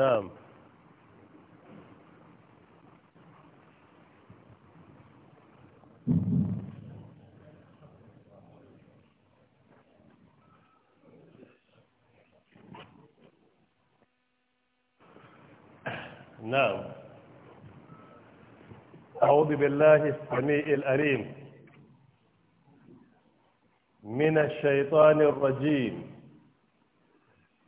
na'am نعم أعوذ بالله السميع الأليم من الشيطان الرجيم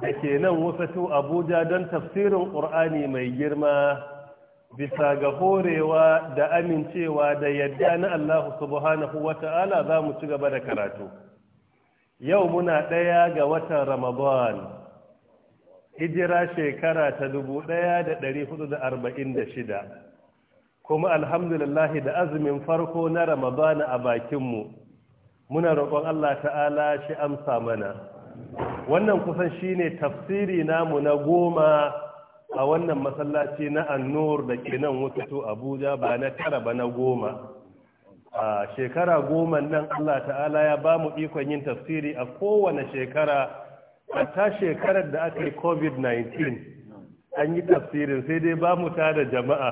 da ke nan wasu abuja don tafsirin ƙur'ani mai girma bisa ga horewa da amincewa da yadda na allahu subhanahu wata'ala za mu ci gaba da karatu yau muna ɗaya ga watan ramadan hijira shekara ta dubu ɗaya da da ɗari arba'in shida, kuma alhamdulillahi da azumin farko na Ramadan a bakinmu muna roƙon allah ta'ala shi amsa mana wannan kusan shine tafsiri namu na goma a wannan masallaci na annur da ke nan wututu abuja ba na tara ba na goma a shekara goma nan allah ta'ala ya ba mu ikon yin tafsiri a kowane shekara ta shekarar da aka yi covid-19 an yi tafsirin sai dai ba mu da jama'a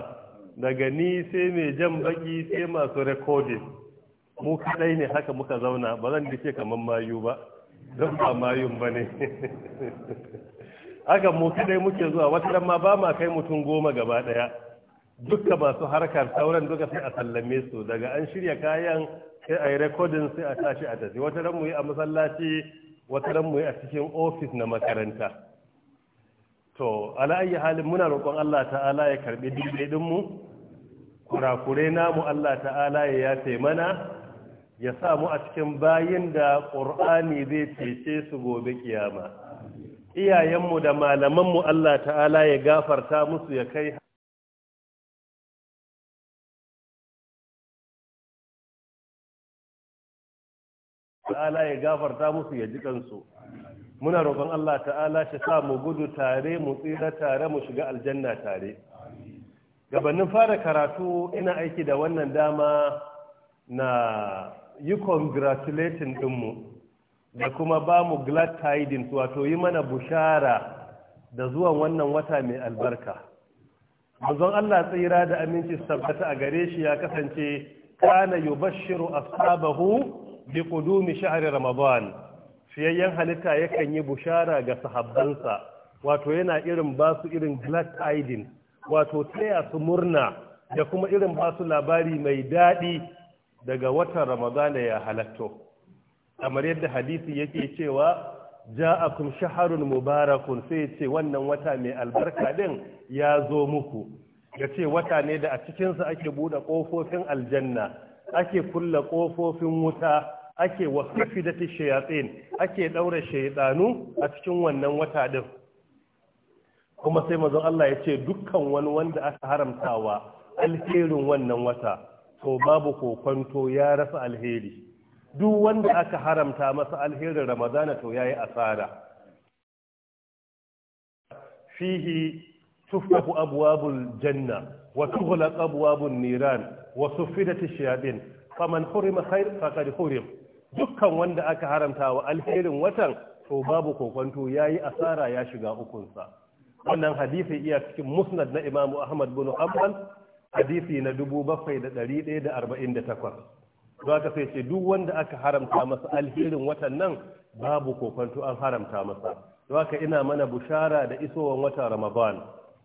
daga ni sai mai jan baki sai masu rekodin mu kaɗai ne haka muka zauna ba zan dace kamar mayu ba don ba mayun ba ne aka mu kadai muke zuwa wata ma ba ma kai mutum goma gaba ɗaya, duka masu harkar sauran duka sai a sallame su daga an shirya kayan sai a yi rekodin sai a tashi a tafi wata ran mu yi a masallaci wata ran mu yi a cikin ofis na makaranta to ala halin muna roƙon Allah ta'ala ya karbi dindin mu kurakure namu Allah ta'ala ya yafe mana ya sa mu a cikin bayin da ƙur'ani zai cece su gobe kiyama iyayenmu da malamanmu Allah ta'ala ya gafarta musu ya kai ta'ala ya gafarta musu ya ji kansu muna roƙon Allah ta'ala shi sa mu gudu tare mu tsira tare mu shiga aljanna tare gabanin fara karatu ina aiki da wannan dama na yi congratulating dinmu da kuma ba mu glad tidings wato yi mana bushara da zuwan wannan wata mai albarka manzon Allah tsira da aminci sabbata a gare shi ya kasance kana yubashshiru ashabahu bi qudumi shahri ramadan fiyayyen halitta yakan yi bushara ga sahabbansa wato yana irin ba su irin glad tidings wato taya su murna da kuma irin ba su labari mai daɗi daga watan ramadana ya halatto kamar yadda hadisi yake cewa ja'akum shaharun mubarakun sai ce wannan wata mai albarka din ya zo muku ya ce wata ne da a cikinsa ake buɗe kofofin aljanna ake kulla kofofin wuta ake wasu da shayatsin ake ɗaura shaidanu a cikin wannan wata din kuma sai mazan Allah ya ce dukkan wani wanda aka haramtawa alherin wannan wata to babu kokwanto ya rasa alheri duk wanda aka haramta masa alherin ramadana to yayi asara fihi tuftahu abwabul janna wa tughlaq abwabun niran wa sufidat ash faman hurima khair faqad hurim dukkan wanda aka haramta wa alherin watan to babu kokwanto yayi asara ya shiga ukunsa wannan hadisi iya cikin musnad na Imam Ahmad bin Hanbal hadisi na dubu bakwai da da da arba'in ɗari ɗaya takwas. za ka sai ce duk wanda aka haramta masa alherin watan nan babu kokonto an haramta masa za ka ina mana bushara da isowan wata ramadan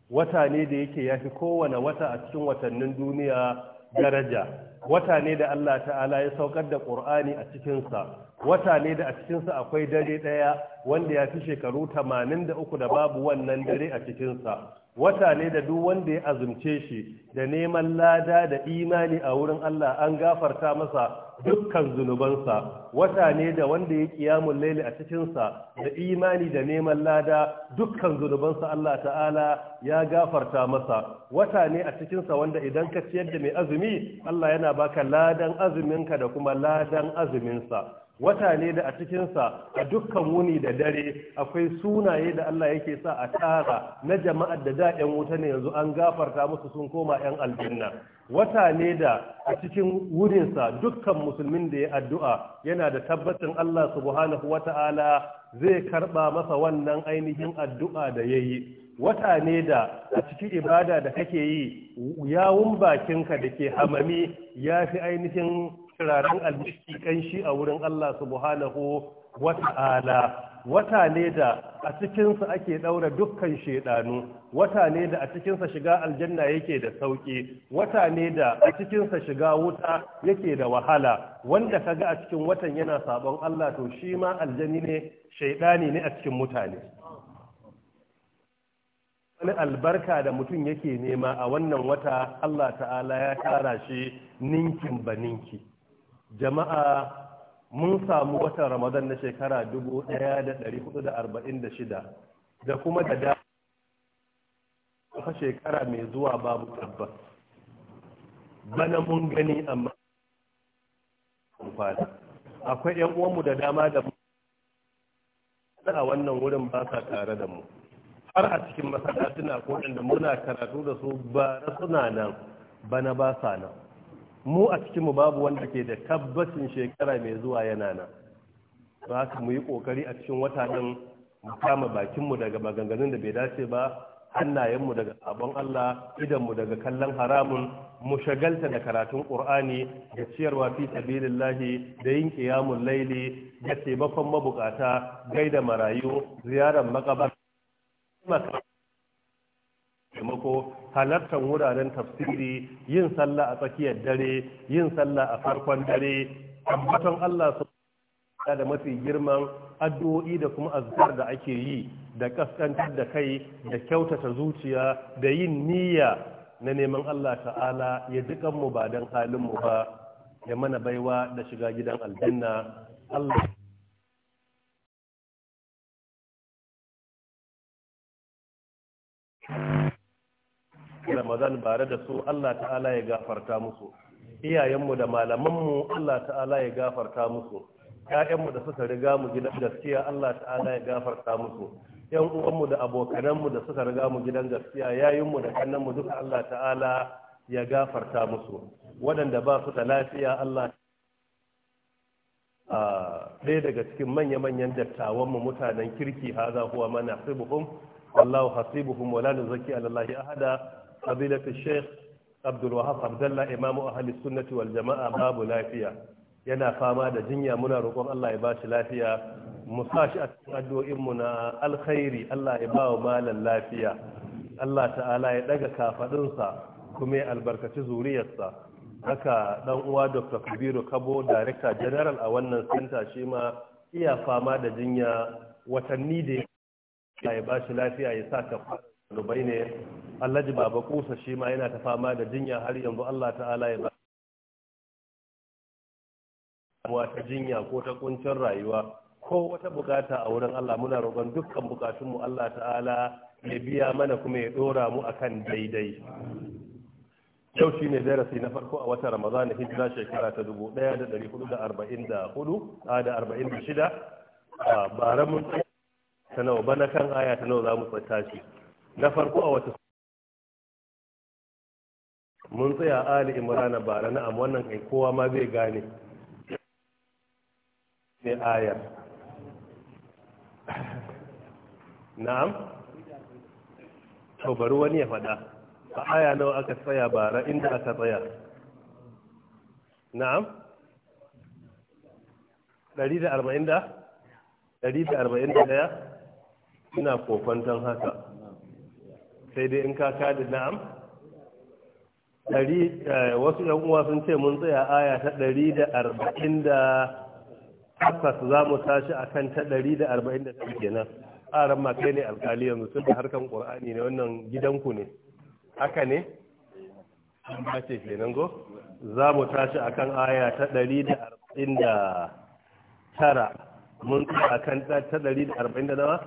wata ne da yake yafi kowane wata a cikin watannin duniya daraja wata ne da Allah ta'ala ya saukar da Qur'ani a cikinsa wata ne da a cikinsa akwai dare ɗaya wanda ya fi shekaru 83 da babu wannan dare a cikinsa wata ne da duk wanda ya azumce shi da neman lada da imani a wurin Allah an gafarta masa dukkan zunubansa wata ne da wanda ya kiyamun laili a cikinsa da imani da neman lada dukkan zunubansa Allah ta'ala ya gafarta masa wata ne a cikinsa wanda idan ka ciyar da mai azumi Allah yana baka ladan azuminka da kuma ladan azuminsa wata ne da a cikinsa a dukkan wuni da dare akwai sunaye da Allah yake sa a tara na jama'ar da da 'yan wuta ne yanzu an gafarta musu sun koma 'yan aljanna wata ne da a cikin wurinsa dukkan musulmin da ya addu'a yana da tabbacin Allah subhanahu wata'ala zai karba masa wannan ainihin addu'a da ya yi wata ne da a cikin ibada da kake yi yawun bakinka da ke hamami ya fi ainihin turaren almiski kanshi a wurin Allah subhanahu wa ta'ala wata ne da a cikinsa ake ɗaura dukkan shaidanu wata ne da a cikinsa shiga aljanna yake da sauƙi wata ne da a cikinsa shiga wuta yake da wahala wanda ka ga a cikin watan yana sabon Allah to shi ma aljani ne shaidani ne a cikin mutane wani albarka da mutum yake nema a wannan wata Allah ta'ala ya tara shi ninkin ba ninki jama'a mun samu watan ramadan na shekara 1446 da kuma da dama shekara mai zuwa babu tabbas bana mun gani amma amfani akwai 'yan uwanmu da dama da a wannan wurin ba sa tare da mu har a cikin suna akwai da muna karatu da su ba suna nan bana ba sa nan mu a cikinmu babu wanda ke da tabbacin shekara mai zuwa yana nan ba ka mu yi ƙoƙari a cikin wata ɗin mu kama bakinmu daga maganganun da bai dace ba hannayenmu daga sabon Allah idanmu daga kallon haramun mu shagalta da karatun Qur'ani da ciyarwa fi sabilillahi da yin qiyamul laili da taimakon mabukata gaida marayu ziyarar makabar taimako halartar wuraren tafsiri yin sallah a tsakiyar dare yin sallah a farkon dare tabbaton Allah su da mafi girman addu'o'i da kuma azkar da ake yi da kaskantar da kai da kyautata zuciya da yin niyya na neman Allah ta'ala ya dukan mu ba dan halin mu ba ya mana baiwa da shiga gidan aljanna Allah ramadan bare da su Allah ta'ala ya gafarta musu iyayenmu da malamanmu Allah ta'ala ya gafarta musu ƴaƴanmu da suka riga mu gidan gaskiya Allah ta'ala ya gafarta musu ƴan uwanmu da abokananmu da suka riga mu gidan gaskiya yayinmu da kannanmu duka Allah ta'ala ya gafarta musu waɗanda ba su da lafiya Allah ɗaya daga cikin manya-manyan dattawanmu mutanen kirki haza huwa mana hasibuhum wallahu hasibuhum wala nuzaki alallahi ahada فضيلة الشيخ عبد الوهاب Imam الله إمام أهل السنة babu lafiya yana fama da jinya muna roƙon Allah ya bashi lafiya mu sa shi a cikin addu'o'in mu na alkhairi Allah ya bawa malan lafiya Allah ta'ala ya daga kafadun sa kuma ya albarkaci zuriyarsa haka dan uwa Dr. Kabiru Kabo Director Jeneral a wannan center shi ma iya fama da jinya watanni da ya bashi lafiya ya sa ta rubai ne alhaji baba kusa shi ma yana ta fama da jinya har yanzu Allah ta'ala ya ba ta jinya ko ta kuncin rayuwa ko wata bukata a wurin Allah muna roƙon dukkan bukatunmu Allah ta'ala ya biya mana kuma ya ɗora mu akan daidai yau shi ne darasi na farko a wata ramadan na hijira shekara ta dubu ɗaya da hudu da da arba'in hudu a bara mun ta nawa bana kan aya ta nawa za mu shi. na farko a wata mun tsaya a ali imrana ba na am wannan kai kowa ma zai gane ne ayar na'am to bari wani ya faɗa a aya nawa aka tsaya bara inda aka tsaya na'am 140 da 141 ina kofantan haka sai dai in ka kada na'am Eh, wasu yan uwa sun ce mun tsaya aya ta ɗari da arba'in da takwas za mu tashi a kan ta ɗari da arba'in da takwas kenan ƙaran makai ne alkali yanzu sun da harkan ƙur'ani ne wannan gidanku ne haka ne an bace kenan go za mu tashi a kan aya ta ɗari da arba'in da tara mun tsaya a kan ta ɗari da arba'in da nawa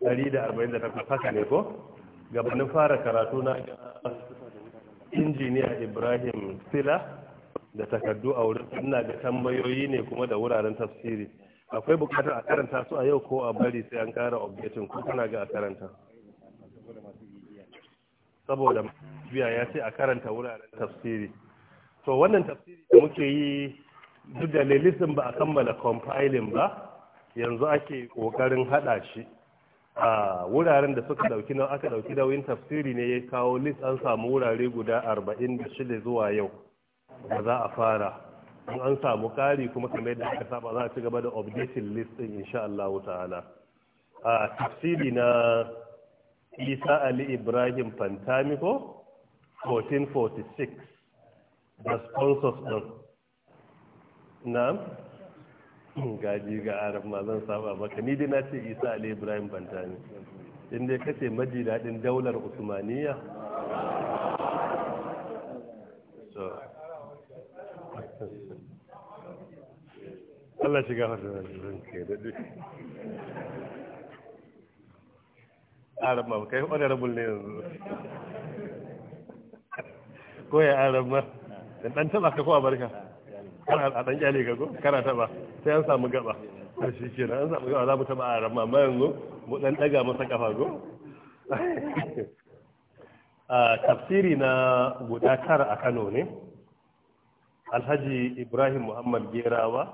ɗari da arba'in da takwas haka ne ko gabanin fara karatu na injiniya ibrahim sila da takardu a wurin ina ga tambayoyi ne kuma da wuraren tafsiri akwai bukatar a karanta su a yau ko a bari sai an kara objetin ko kana ga a karanta saboda biya ya ce a karanta wuraren tafsiri to wannan tafsiri da muke yi duk da lelisin ba a kammala compiling ba yanzu ake kokarin hada shi a wuraren da suka dauki nan aka dauki nauyin tafsiri ne ya kawo list an samu wurare guda 46 zuwa yau da za a fara in an samu kari kuma kamar yadda aka saba za a ci gaba da updating list din insha Allah ta'ala a tafsiri na Isa Ali Ibrahim Fantamiko 1446 da sponsors din na. gaji ga arab ma zan saba maka ni dai na ce isa ali ibrahim bantani in dai kace maji daɗin daular usmaniya Allah shiga fata da zuwan ke daɗe arab ma kai honorable ne yanzu ko ya arab ma dan taba ka ko barka kana a dan kyale gago kana taba sai an samu gaba to ah, shi kenan an samu gaba za mu taba a ramma amma yanzu mu dan ɗaga masa kafa go a tafsiri na guda tara a Kano ne Alhaji Ibrahim Muhammad Gerawa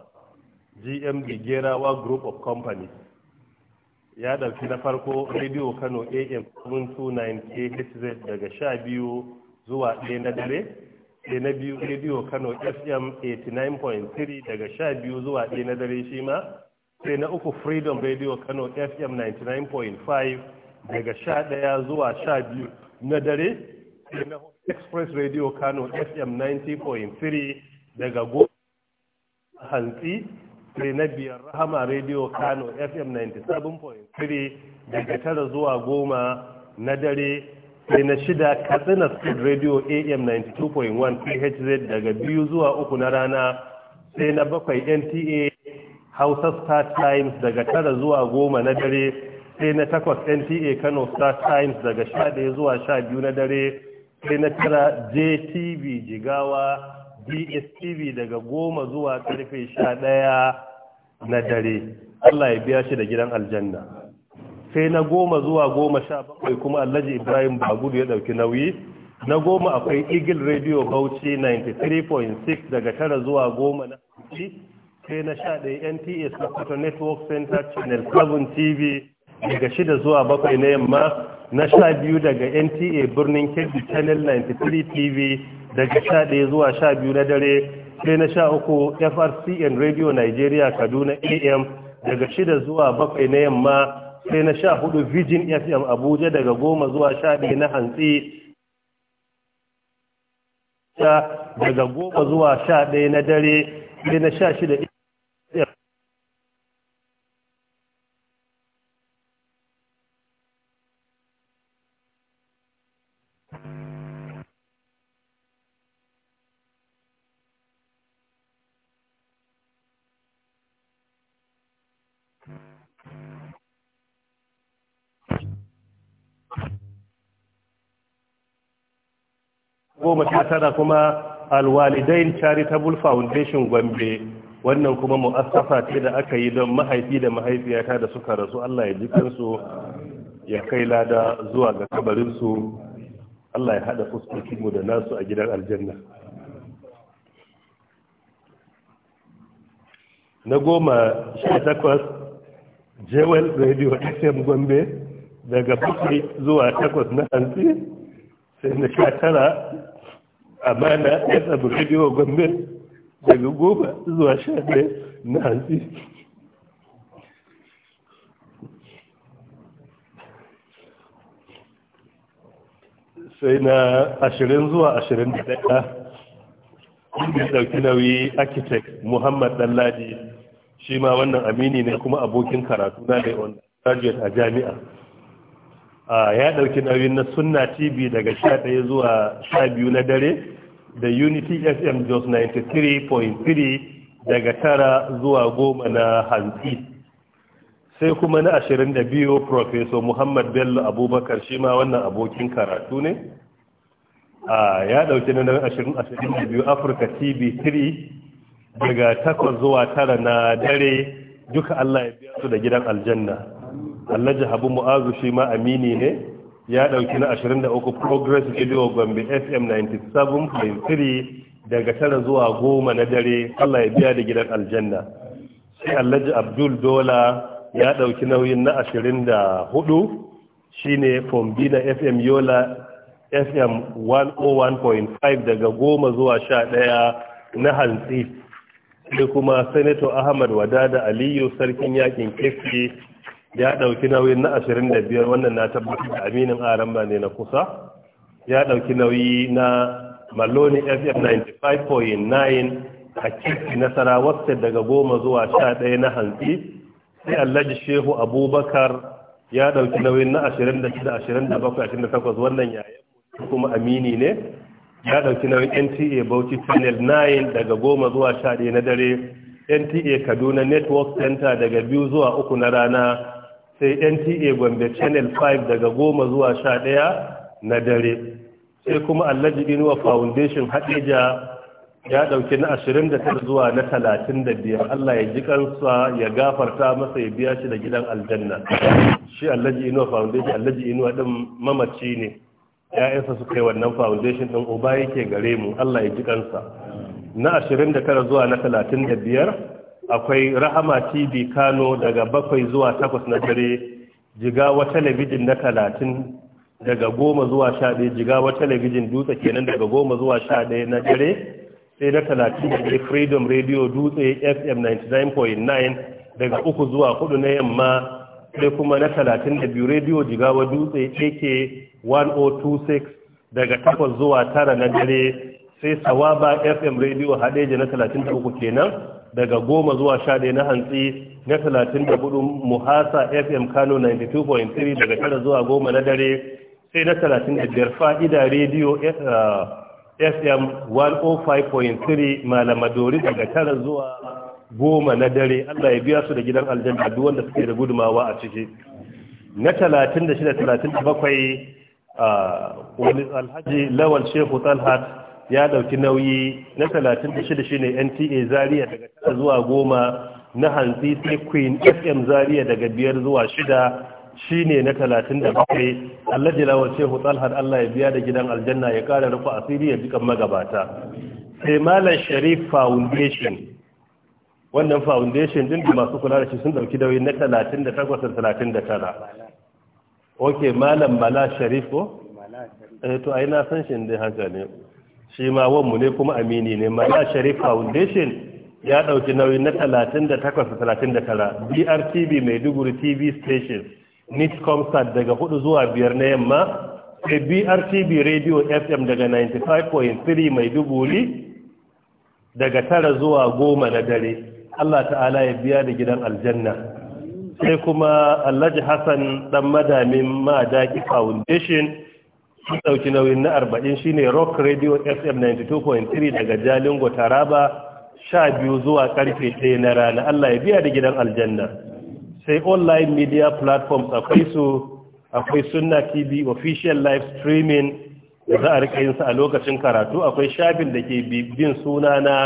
GMB Gerawa Group of Companies ya ɗauki na farko radio Kano AM 729 KHZ daga 12 zuwa 1 na dare sai na biyu rediyo kano fm 89.3 daga sha biyu zuwa ɗaya na dare shi ma sai na uku freedom radio kano fm 99.5 daga sha ɗaya zuwa sha biyu na dare sai na express radio kano fm 90.3 daga goma hantsi sai na biyar rahama radio kano fm 97.3 daga tara zuwa goma na dare sai na shida katsina speed radio am 92.1 phz daga biyu zuwa uku na rana sai na bakwai nta hausa star times daga tara zuwa goma na dare sai na takwas nta kano star times daga sha daya zuwa sha biyu na dare sai na tara jtv jigawa dstv daga goma zuwa karfe sha daya na dare allah ya biya shi da gidan aljanna sai na goma zuwa goma sha bakwai kuma alhaji ibrahim bagudu ya ɗauki nauyi na goma akwai eagle radio bauchi 93.6 daga tara zuwa goma na sai na sha ɗaya nts na kwato network center channel 7 tv daga shida zuwa bakwai na yamma na sha biyu daga nta birnin kebbi channel 93 tv daga sha ɗaya zuwa sha biyu na dare sai na sha uku frcn radio nigeria kaduna am daga shida zuwa bakwai na yamma sai na sha hudu Virgin FM Abuja daga goma zuwa sha ɗaya na hantsi daga goma zuwa sha ɗaya na dare sai na sha shida sha tara kuma alwalidain charitable foundation gombe wannan kuma mu'assafa ce da aka yi don mahaifi da mahaifiyata da suka rasu Allah ya ji kansu ya kai lada zuwa ga su Allah ya haɗa mu da nasu a gidan aljanna na goma sha takwas jewel radio fm gombe daga fuskoki zuwa takwas na hantsi sai na sha tara amana ya samu rediyo gwamnati daga goma zuwa sha ɗaya na hansi. sai na ashirin zuwa ashirin da ɗaya inda ɗauki nauyi architect muhammad ɗanladi shi ma wannan amini ne kuma abokin karatu na da on a jami'a ya ɗauki nauyin na sunna tv daga 11 zuwa 12 na dare da unity fm jos 93.3 daga tara zuwa goma na hantsi sai kuma na 22 professor muhammad bello abubakar shi ma wannan abokin karatu ne ya ɗauki na 22 africa tv 3 daga takwas zuwa tara na dare duka allah ya biya su da gidan aljanna alhaji habu mu'azu shi ma amini ne ya ɗauki na 23 progress video gombe fm 97.3 daga tara zuwa goma na dare allah ya biya da gidan aljanna sai alhaji abdul dola ya ɗauki nauyin na 24 shine fombina fm yola fm 101.5 daga goma zuwa sha ɗaya na hantsi sai kuma senator ahmad wadada aliyu sarkin yakin kefi ya ɗauki nauyin na ashirin da biyar wannan na tabbatar da aminin ba ne na kusa ya ɗauki nauyi na maloni fm 95.9 a kirki nasara wasta daga goma zuwa sha ɗaya na hantsi sai allaji shehu abubakar ya ɗauki nauyin na ashirin da shida ashirin da bakwai ashirin da takwas wannan yayin kuma amini ne ya ɗauki nauyin nta bauchi channel 9 daga goma zuwa sha ɗaya na dare nta kaduna network center daga biyu zuwa uku na rana sai nta gombe channel 5 daga goma zuwa sha ɗaya na dare sai kuma allaji inuwa foundation haɗeja ya ɗauki na 29 zuwa na 35 allah ya ji kansa ya gafarta masa ya biya shi da gidan aljanna shi allaji inuwa foundation allaji inuwa ɗin mamaci ne ya'yansa suka yi wannan foundation ɗin uba yake gare mu allah ya ji kansa na 29 zuwa na 35 akwai rahama tv kano daga bakwai zuwa takwas na dare jigawa talabijin na talatin daga goma zuwa sha ɗaya jigawa talabijin dutse kenan daga goma zuwa sha ɗaya na dare sai na talatin da ke freedom radio dutse fm 99.9 daga uku zuwa hudu na yamma sai kuma na talatin da biyu Radio jigawa dutse ak 1026 daga takwas zuwa tara na dare sai sawaba fm radio hadeja na talatin da uku kenan daga goma zuwa sha ɗaya na hantsi na talatin da hudu muhasa fm kano 92.3 daga tara zuwa goma na dare sai na talatin da biyar fa'ida rediyo fm 105.3 malamadori daga tara zuwa goma na dare allah ya biya su da gidan aljanna duk wanda suke da gudumawa a ciki na talatin da shida talatin da bakwai ah, alhaji lawal shehu talhat ya dauki nauyi na 36 shine NTA Zaria daga tara zuwa goma na hantsi sai Queen FM Zaria daga biyar zuwa shida. Shi ne na 37 Allah jilawar Shehu alhar Allah ya biya da gidan aljanna ya kara rufa asiri ya jikan magabata sai Malam Sharif Foundation wannan foundation din da masu kula da shi sun dauki dauyi na 38 da 39 ok malam mala sharif ko? eh to ai na san shi inda haka ne shi ma wanmu ne kuma amini ne mana sharif foundation ya ɗauki nauyi na 38-39 brtv maiduguri tv station nitcomsat daga hudu zuwa biyar na yamma sai brtv radio fm daga 95.3 maiduguri daga tara zuwa goma na dare Allah ta'ala ya biya da gidan aljanna sai kuma Alhaji Hassan dan madamin Madaki Foundation sun ɗauki nauyin na arba'in shine rock radio fm 92.3 daga jalingo taraba sha biyu zuwa karfe ɗaya na rana allah ya biya da gidan aljanna sai online media platforms akwai su akwai sunna tv official live streaming da za a rika yin sa a lokacin karatu akwai shafin da ke bin suna na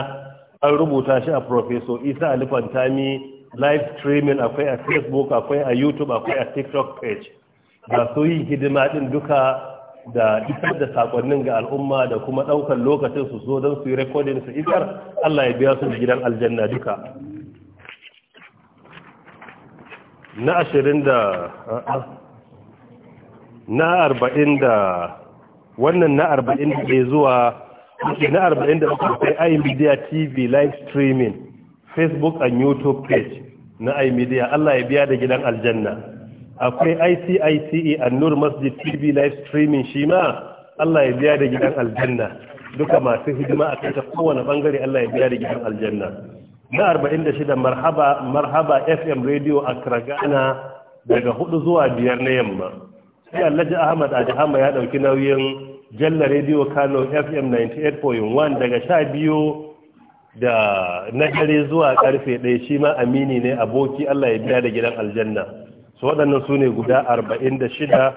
an rubuta shi a professor isa alifantami live streaming akwai a facebook akwai a youtube akwai a tiktok page masu su yin hidima din duka da isar da sakonnin ga al'umma da kuma ɗaukar lokacin su zo don su yi rekodin su isar Allah ya biya su da gidan aljanna duka na ashirin da na arba'in da wannan na arba'in da ɗaya zuwa na arba'in da uku sai iMedia TV live streaming Facebook and YouTube page na iMedia Allah ya biya da gidan aljanna akwai ICICE Annur Masjid TV live streaming shi ma Allah ya biya da gidan aljanna duka masu hidima a kai ta kowane bangare Allah ya biya da gidan aljanna na 46 marhaba marhaba FM radio a Ghana daga hudu zuwa biyar na yamma sai Alhaji Ahmad Adihama ya dauki nauyin Jalla Radio Kano FM 98.1 daga 12 da na dare zuwa karfe ɗaya shi ma amini ne aboki Allah ya biya da gidan aljanna su waɗannan su ne guda 46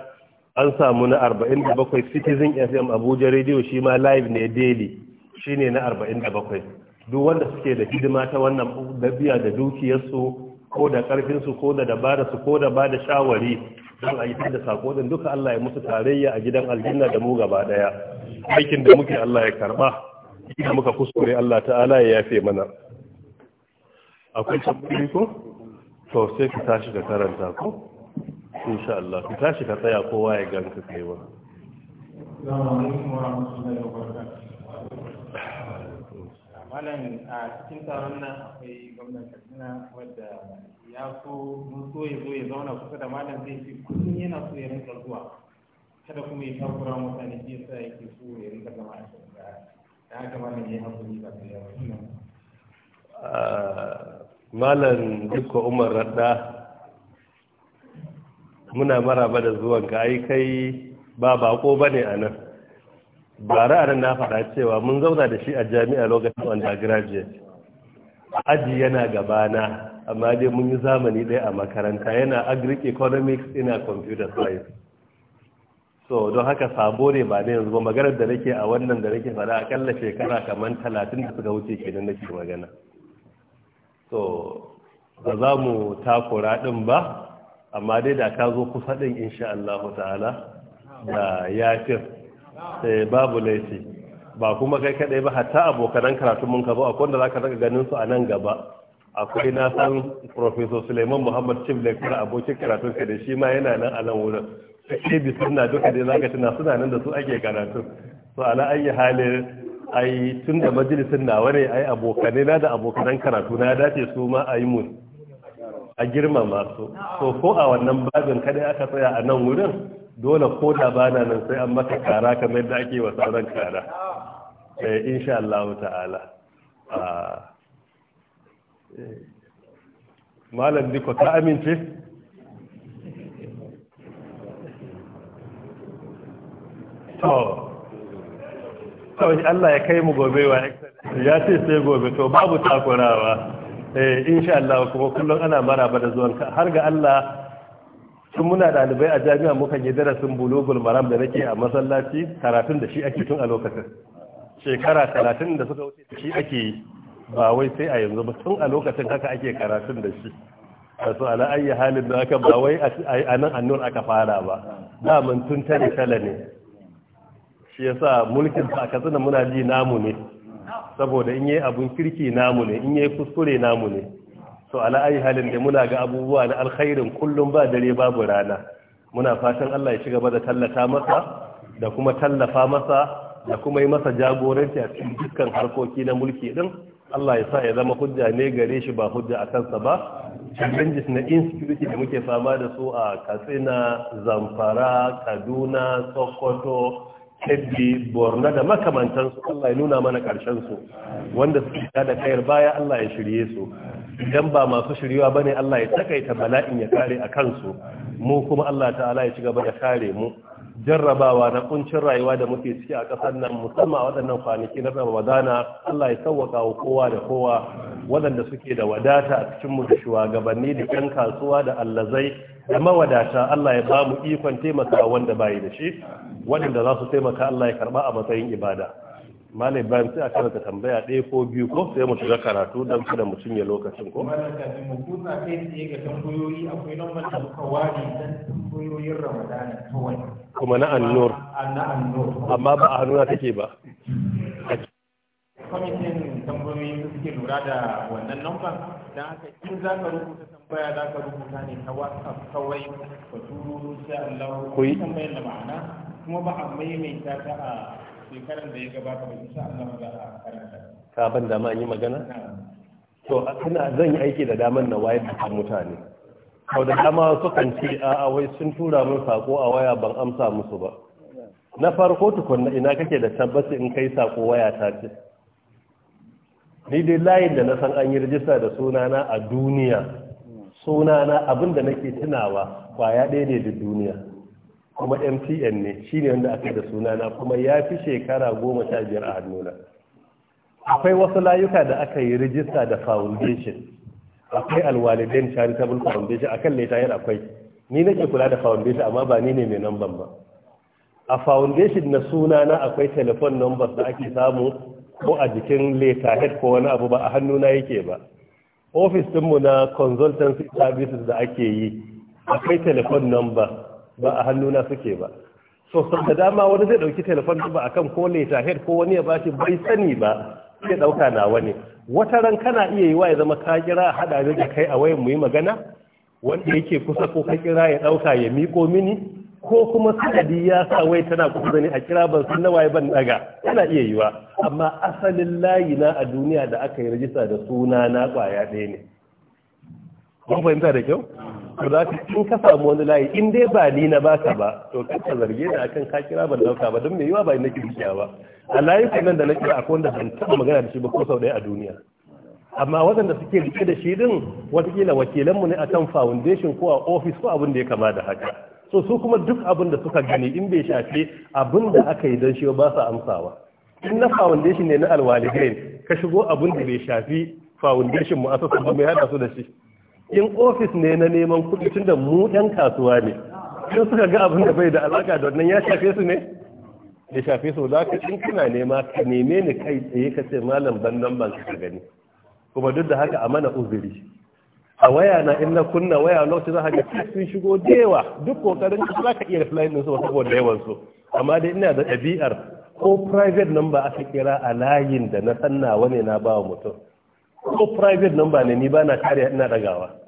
an samu na 47 citizen fm abuja radio shi ma live ne daily shi ne na 47 duk wanda suke da hidima ta wannan dabiya da dukiyarsu ko da ƙarfinsu ko da su, ko da ba da shawari don a yi da sako din duka Allah ya musu tarayya a gidan aljanna da mu gaba daya aikin da muke Allah ya karba da muka kuskure Allah ta'ala ya yafe mana akwai tabbiri ko to sai ka tashi ka karanta ko insha Allah ka tashi ka tsaya kowa ya ganka kai malam a cikin taron nan akwai gwamnan katsina wadda ya ya zauna kusa da malam zai ce yana so zuwa kada kuma ya mutane yake so ya rinka zama malam dukka umar radda muna maraba da zuwan ga ai kai ba bako bane a nan bara a nan na faɗa cewa mun zauna da shi a jami'a lokacin graduate aji yana gabana amma dai mun yi zamani ɗaya a makaranta yana agri economics ina computer science so don haka sabo ne ba ne yanzu ba maganar da nake a wannan da nake faɗa akalla shekara kamar talatin da suka wuce kenan nake magana to ba za mu takura ɗin ba amma dai da ka zo kusa ɗin insha Allah ta'ala da yafir sai babu laifi ba kuma kai kaɗai ba hatta abokanan karatu mun ka a kwanda za ka daga ganin su a nan gaba A akwai na san professor suleiman muhammad chief kuma abokin karatun ka da shi ma yana nan a nan wurin sai bi suna duka dai ka tuna suna nan da su ake karatu to ala ayi halin ai tun da majalisin nawa ne ai abokanai na da abokanan karatu na dace su ma ai mun a girmama su so ko a wannan babin kada aka tsaya a nan wurin dole ko da bana nan sai an maka kara kamar da ake wa sauran kara eh insha Allah ta'ala ah. eh. malam diko ta amince to kawai Allah ya kai mu gobe wa ya ce sai gobe to babu takurawa eh insha Allah kuma kullum ana maraba da zuwan ka har ga Allah tun muna ɗalibai a jami'a muka yi darasin bulugul maram da nake a masallaci karatun da shi ake tun a lokacin shekara talatin da suka wuce da shi ake yi ba wai sai a yanzu ba tun a lokacin haka ake karatun da shi a su ala ayi halin da aka ba wai a nan annur aka fara ba daman tun tare kala ne shi yasa mulkin sa katsina muna ji namu ne saboda in yayi abun kirki namu ne in yayi kuskure namu ne so ala'ayi halin da muna ga abubuwa na alkhairin kullum ba dare babu rana muna fatan Allah ya ci gaba da tallata masa da kuma tallafa masa da kuma yi masa jagoranci a cikin dukkan harkoki na mulki din Allah ya sa ya zama hujja ne gare shi ba hujja a kansa ba challenges na insecurity da muke fama da su a katsina zamfara kaduna sokoto Kebbi, Borno da makamantansu Allah ya nuna mana ƙarshen su wanda suke da kayar baya Allah ya shirye su idan ba masu shiryewa ne Allah ya takaita bala'in ya kare a kansu mu kuma Allah ta'ala ya ci gaba da kare mu jarrabawa na kuncin rayuwa da muke ciki a ƙasar nan musamman waɗannan kwanaki na ramadana Allah ya sauwaka wa kowa da kowa waɗanda suke da wadata a cikin mu da shugabanni da ƴan kasuwa da allazai da mawadata Allah ya ba mu ikon taimaka wanda bai da shi waɗanda za su taimaka Allah ya karba a matsayin ibada malai bayan sai a karanta tambaya ɗaya ko biyu ko sai mu shiga karatu don kada mu cinye lokacin ko malam kafin mu kusa kai tsaye ga tambayoyi akwai lambar da muka ware don tambayoyin ramadana kawai kuma na annur ah, amma ba a hannuna take ba kwamitin tambayoyi su suke lura da wannan lambar don haka in za ka rubuta tambaya za ka rubuta ne ta whatsapp kawai ka turo insha Allah ku tambayar da ma'ana kuma ba a maimaita ta a da ya gabata a karanta ka ban dama yi magana to kana zan yi aiki da daman na wayar da kan mutane Kau da dama sukan ce a wai sun tura min sako a waya ban amsa musu ba na farko tukunna ina kake da tabbaci in kai sako waya ta ce ni dai layin da na san an yi rijista da sunana a duniya sunana abin da nake tunawa kwaya ɗaya ne da duniya kuma mtn ne shi ne wanda aka da sunana kuma ya fi shekara goma sha biyar a hannuna akwai wasu layuka da aka yi rijista da foundation akwai alwalidain charitable foundation akan laitayar akwai ni nake kula da foundation amma ba ni ne mai namban ba a foundation na suna na akwai telephone numbers da ake samu ko a jikin letterhead ko wani abu ba a hannuna yake ba ofis dinmu na consultancy services da ake yi akwai telephone number ba a hannuna suke ba so sau da dama wani zai ɗauki telefon ba akan ko ne tahir ko wani ya bashi bai sani ba sai ɗauka na wani wata ran kana iya yi wa ya zama ka kira haɗa ne da kai a wayan mu yi magana wanda yake kusa ko ka kira ya ɗauka ya miko mini ko kuma sanadi ya sa wai tana kusa ne a kira ban san nawa ban daga yana iya yi wa. amma asalin layi na a duniya da aka yi rajista da suna na kwaya ɗaya ne mun fahimta da kyau to za ka in ka samu wani layi in dai ba ni na baka ba to kar ka zarge ni akan ka kira ban dauka ba don me yiwa ba ina nake ba a layukan nan da na kira akwai wanda ban taɓa magana da shi ba ko sau ɗaya a duniya amma waɗanda suke rike da shi din watakila wakilanmu ne akan foundation ko a ofis ko abin da ya kama da haka so su kuma duk abin da suka gani in bai shafi abin da aka yi don shi ba sa amsawa in na foundation ne na alwalidain ka shigo abin da bai shafi foundation mu asasa ba mai hada su da shi in ofis ne na neman kuɗi tun da mu ɗan kasuwa ne sun suka ga abin da bai da alaƙa da wannan ya shafe su ne ya shafe su za ka in kana nema ka neme ni kai tsaye ka ce malam dan nan ban ka gani kuma duk da haka a mana uzuri a waya na in na kunna waya lokacin za ka ga sun shigo da yawa duk kokarin ka za ka iya flying din su saboda yawan su amma dai ina da ɗabi'ar ko private number aka kira a layin da na sanna wani na ba mutum ko private number ne ni ba na kariya ina dagawa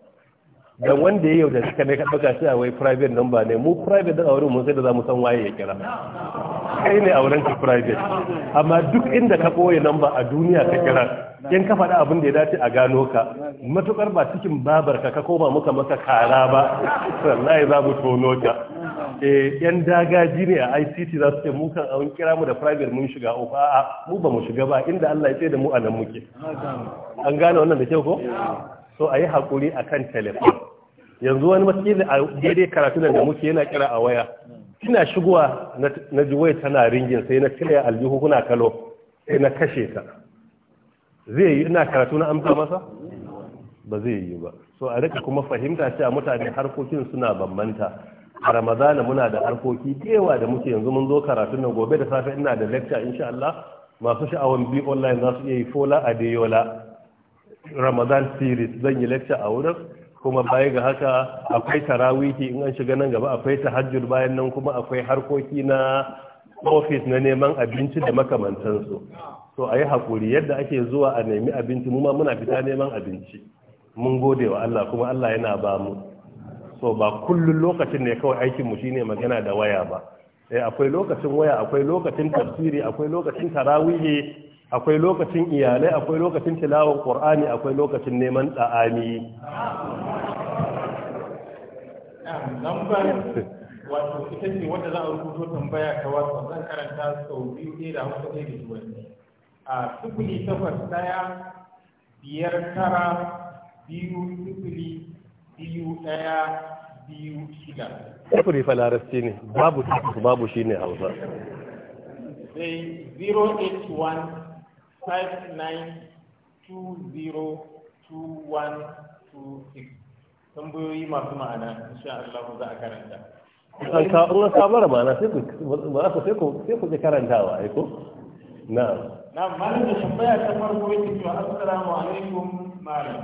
dan wanda ya yaudar suka ne ka ɗauka shi a wai private number ne mu private da wurin mun sai da za mu san waye ya kira kai ne a wurin ka private amma duk inda ka ɓoye number a duniya ka kira in ka faɗa abin da ya dace a gano ka matukar ba cikin babar ka ka koma muka maka kara ba wallahi za mu tono ka eh yan dagaji ne a ICT za su ce mu kan an kira mu da private mun shiga uku a'a mu ba mu shiga ba inda Allah ya ce da mu a nan muke an gane wannan da kyau ko so a yi haƙuri a kan telefon yanzu wani da a daidai karatu da muke yana kira a waya ina shigowa na ji waya tana ringin sai na cire aljihu kuna kalo sai na kashe ta zai yi ina karatu na amsa masa ba zai yi ba so a rika kuma fahimta cewa mutane harkokin suna bambanta a ramadana muna da harkoki yawa da muke yanzu mun zo karatu na gobe da safe ina da lecture insha Allah masu sha'awan bi online za su iya yi fola a deyola ramadan series zan yi lecture a wurin kuma baya ga haka akwai tarawihi in an shiga nan gaba akwai tahajjud bayan nan kuma akwai harkoki na ofis na neman abinci da makamantansu to a yi haƙuri yadda ake zuwa a nemi abinci mu ma muna fita neman abinci mun gode wa Allah kuma Allah yana ba mu so ba kullum lokacin ne kawai aikin mu shine magana da waya ba eh akwai lokacin waya akwai lokacin tafsiri akwai lokacin tarawihi akwai lokacin iyalai akwai lokacin tilawar qur'ani akwai lokacin neman da'ami wato ita ce wanda za a rubuto tambaya ta wasu zan karanta sau biyu ɗaya da hausa ɗaya da turanci a sifili takwas ɗaya biyar tara biyu sifili biyu ɗaya biyu shida. Sifili fa larabci ne babu babu shi ne hausa. Sai 081 59202126 tambayoyi masu ma'ana insha Allah za a karanta In kawo ka mara ma'ana sai ku sai ku ji karantawa ai ko na'am na'am malam da tambaya ta farko yake cewa assalamu alaikum malam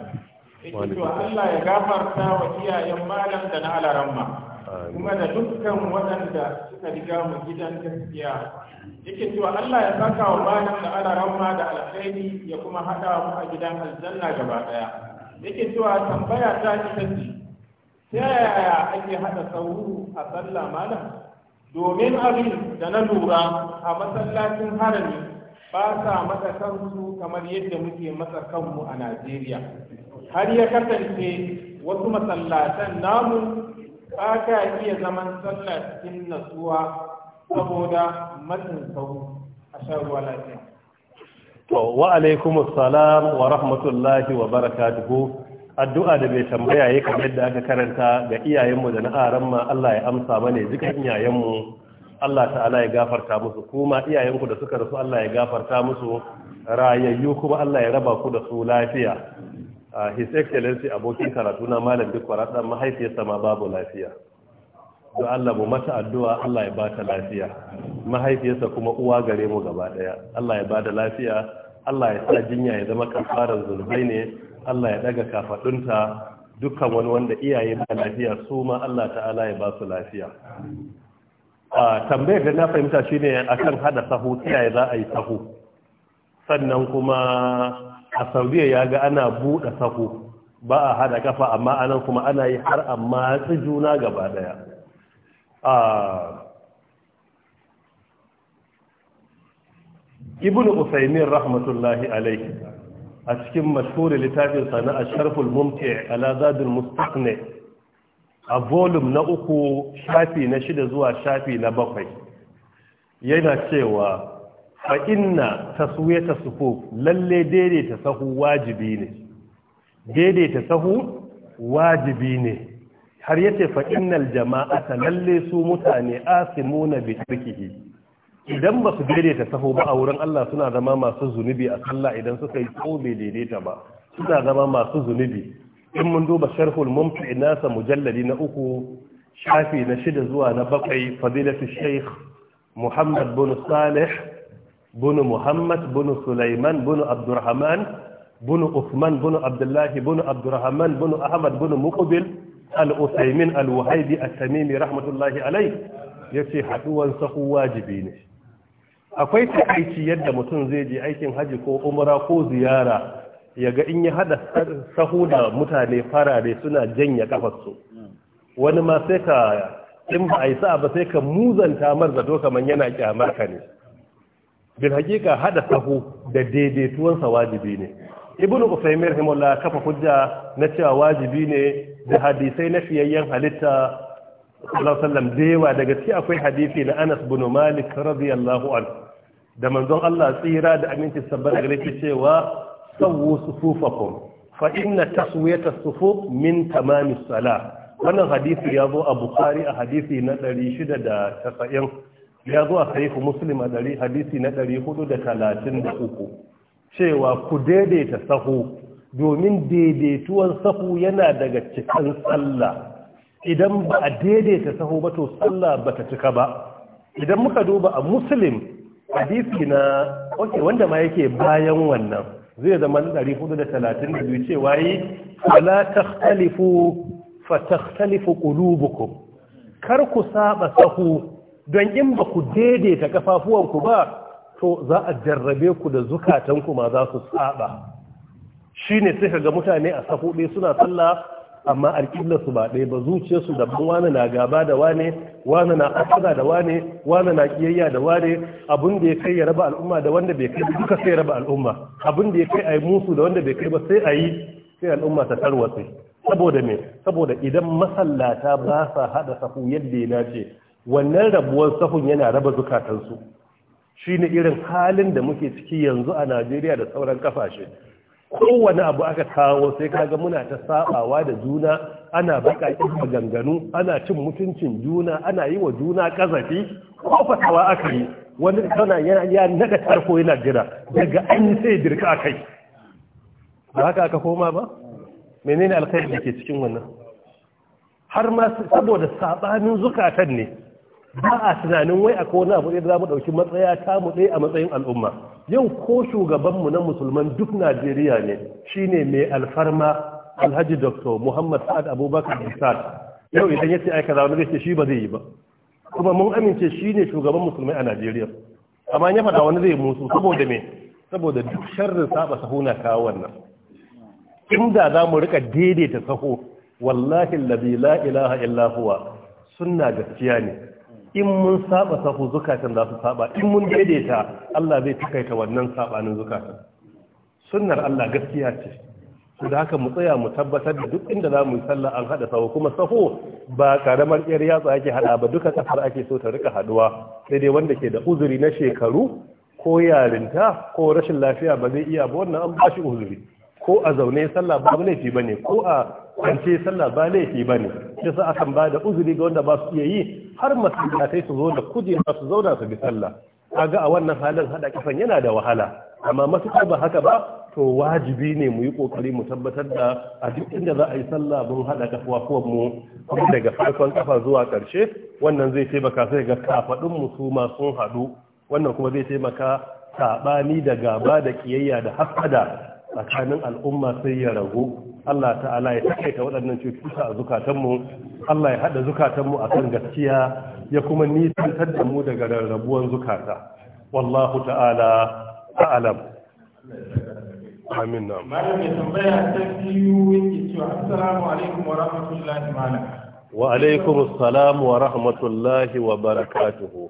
yake cewa Allah ya gafarta wa iyayen malam da na alaramma kuma da dukkan waɗanda suka riga mu gidan gaskiya yake cewa Allah ya saka wa malam da ana ramma da alkhairi ya kuma hada mu a gidan aljanna gaba daya yake cewa tambaya ta ita ce ta yaya ake hada sauru a sallah malam domin abin da na lura a masallacin harami ba sa mata kansu kamar yadda muke matsa kanmu a Najeriya har ya kasance wasu masallatan namu ba ka iya zaman sallah cikin natsuwa saboda matsin sau a shan ruwa lafiya to wa alaikum salam wa rahmatullahi wa barakatuhu addu'a da bai tambaya ya kamar yadda aka karanta ga iyayenmu da na'aran ma Allah ya amsa mana zikan iyayenmu Allah ta'ala ya gafarta musu kuma iyayenku da suka rasu Allah ya gafarta musu rayayyu kuma Allah ya raba ku da su lafiya ah, his excellency abokin karatu na malam duk kwaratsan mahaifiyarsa ma babu lafiya da Allah mu mata addu'a Allah ya bata lafiya mahaifiyarsa kuma uwa gare mu gaba daya Allah ya bada lafiya Allah ya sa jinya ya zama kafaran zunubai ne Allah ya daga kafadunta dukkan wani wanda iyaye ba lafiya su ma Allah ta'ala ya ba su lafiya a tambayar da na fahimta shine akan hada sahu iyaye za a yi sahu sannan kuma a sauriya ya ga ana buɗe sahu ba a hada kafa amma anan kuma ana yi har amma matsi juna gaba daya ibn usaimin rahmatullahi alaihi a cikin mashhurin littafin sana a sharful mumti ala zadul mustaqni a volume na uku shafi na shida zuwa shafi na bakwai yana cewa fa inna taswiyata sufuf lalle daidaita sahu wajibi ne daidaita sahu wajibi ne har yace fa innal jama'ata lalle su mutane asimuna bi tarkihi idan ba su daidaita taho ba a wurin Allah suna zama masu zunubi a sallah idan suka yi tsawo bai daidaita ba suna zama masu zunubi in mun duba sharhul mumti nasa mujalladi na uku shafi na shida zuwa na bakwai fadilatu sheikh muhammad bin salih bin muhammad bin sulaiman bin abdurrahman bin usman bin abdullahi bin abdurrahman bin ahmad bin muqbil al-usaimin al at-tamimi rahmatullahi alai Ya ce haɗuwan sahu wajibi ne akwai takaici yadda mutum zai je aikin haji ko umra ko ziyara ya ga in yi haɗa sahu da mutane farare suna janya kafarsu wani ma sai ka in ba a yi sa ba sai ka muzanta marza doka kamar yana kyamar ka ne bil hakika haɗa sahu da daidaituwansa wajibi ne ibn usaymin rahimahullah kafa hujja na cewa wajibi ne da hadisai na fiyayyen halitta sallallahu da yawa daga ci akwai hadisi na Anas bin Malik radiyallahu an da manzon Allah tsira da aminci sabbar da gare cewa sawu sufufakum fa inna taswiyata sufuf min tamami salah wannan hadisi ya zo a Bukhari a hadisi na 690 ya zo a Sahih Muslim a hadisi na 433 cewa ku daidaita sahu domin daidaituwan sahu yana daga cikin sallah idan ba a daidaita sahu ba to sallah ba ta cika ba idan muka duba a musulun hadisi na ok wanda ma yake bayan wannan zai zama 432 cewa yi ala takhtalifu fa takhtalifu qulubukum kar ku saba sahu don in ba ku daidaita kafafuwanku ba to za a jarrabe ku da zukatanku ma za su saba Shi ne sai kaga mutane a safu ɗaya suna sallah amma alƙiblar su ba ɗaya ba zuciya su daban wani na gaba da wane wani na asara da wane wani na ƙiyayya da wane abin da ya kai ya raba al'umma da wanda bai kai duka sai raba al'umma abin da ya kai ayi musu da wanda bai kai ba sai ayi sai al'umma ta tarwatse saboda me saboda idan masallata ba sa haɗa safu yadda ya dace wannan rabuwar safun yana raba zukatansu shine irin halin da muke ciki yanzu a Najeriya da sauran kafashe kowane abu aka kawo sai kaga muna ta sabawa da juna ana ƙin maganganu ana cin mutuncin juna ana yi wa juna ƙazafi ko fatawa aka yi wani tana ya naɗa tarko yana jira daga an yi sai dirka a kai ba haka aka koma ba menene alkhairi da ke cikin wannan har ma saboda saɓanin zukatan ne ba a tunanin wai akwai wani abu da za mu ɗauki matsaya ta mu ɗaya a matsayin al'umma yau ko shugabanmu na musulman duk najeriya ne shine mai alfarma alhaji dr muhammad sa'ad abubakar isaac yau idan ya ce aika zaune zai ce shi ba zai yi ba kuma mun amince shi ne shugaban musulmai a najeriya amma ya faɗa wani zai musu saboda me saboda duk sharrin saba saho na kawo wannan inda za mu rika daidaita saho wallahi labi la ilaha illa huwa sunna gaskiya ne in mun saba sahu zukatan za su saba in mun daidaita Allah zai takaita wannan sabanin zukatan sunnar Allah gaskiya ce su da haka mu tsaya mu tabbatar da duk inda za mu yi sallah an haɗa sahu kuma sahu ba karamar yar yatsa ake haɗa ba duka ƙasar ake so ta rika haɗuwa sai dai wanda ke da uzuri na shekaru ko yarinta ko rashin lafiya ba zai iya ba wannan an bashi uzuri ko a zaune sallah ba ne laifi bane ko a kwance sallah ba laifi ba ne shi sa akan ba da uzuri ga wanda ba su iya yi har masallatai su zo da kujera su zauna su bi sallah ga a wannan halin haɗa kasan yana da wahala amma matuƙar ba haka ba to wajibi ne mu yi ƙoƙari mu tabbatar da a duk inda za a yi sallah mun haɗa kafuwan mu daga farkon kafa zuwa ƙarshe wannan zai taimaka sai ga mu su masu haɗu wannan kuma zai taimaka saɓani da gaba da kiyayya da hasada tsakanin al'umma sai ya ragu Allah ta'ala ya takaita waɗannan cututtuka a zukatanmu Allah ya haɗa zukatanmu a kan gaskiya ya kuma nisantar da mu daga rarrabuwan zukata wallahu ta'ala a'lam amin na malam ya tambaya ta biyu yake cewa assalamu alaikum wa rahmatullahi malam wa alaikum assalam wa rahmatullahi wa barakatuhu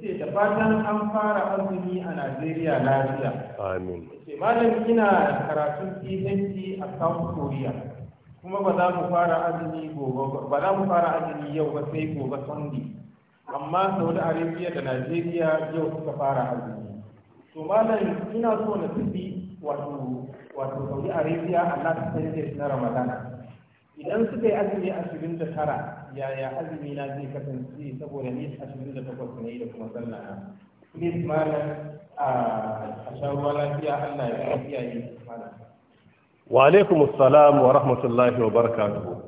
ce da fatan an fara azumi a Najeriya lafiya. Amin. Ce malam ina karatun PhD a South Korea kuma ba za mu fara azumi gobe ba za mu fara azumi yau ba sai gobe Sunday. Amma Saudi Arabia da Najeriya yau suka fara azumi. To malam ina so na tafi wato wato Saudi Arabia a last 10 na Ramadana. idan suka yi azumi ashirin da tara yaya azumi na zai kasance saboda ni ashirin da takwas ne da kuma sallah na please malam a ruwa lafiya allah ya kiyaye malam wa alaikum assalam wa rahmatullahi wa barakatuhu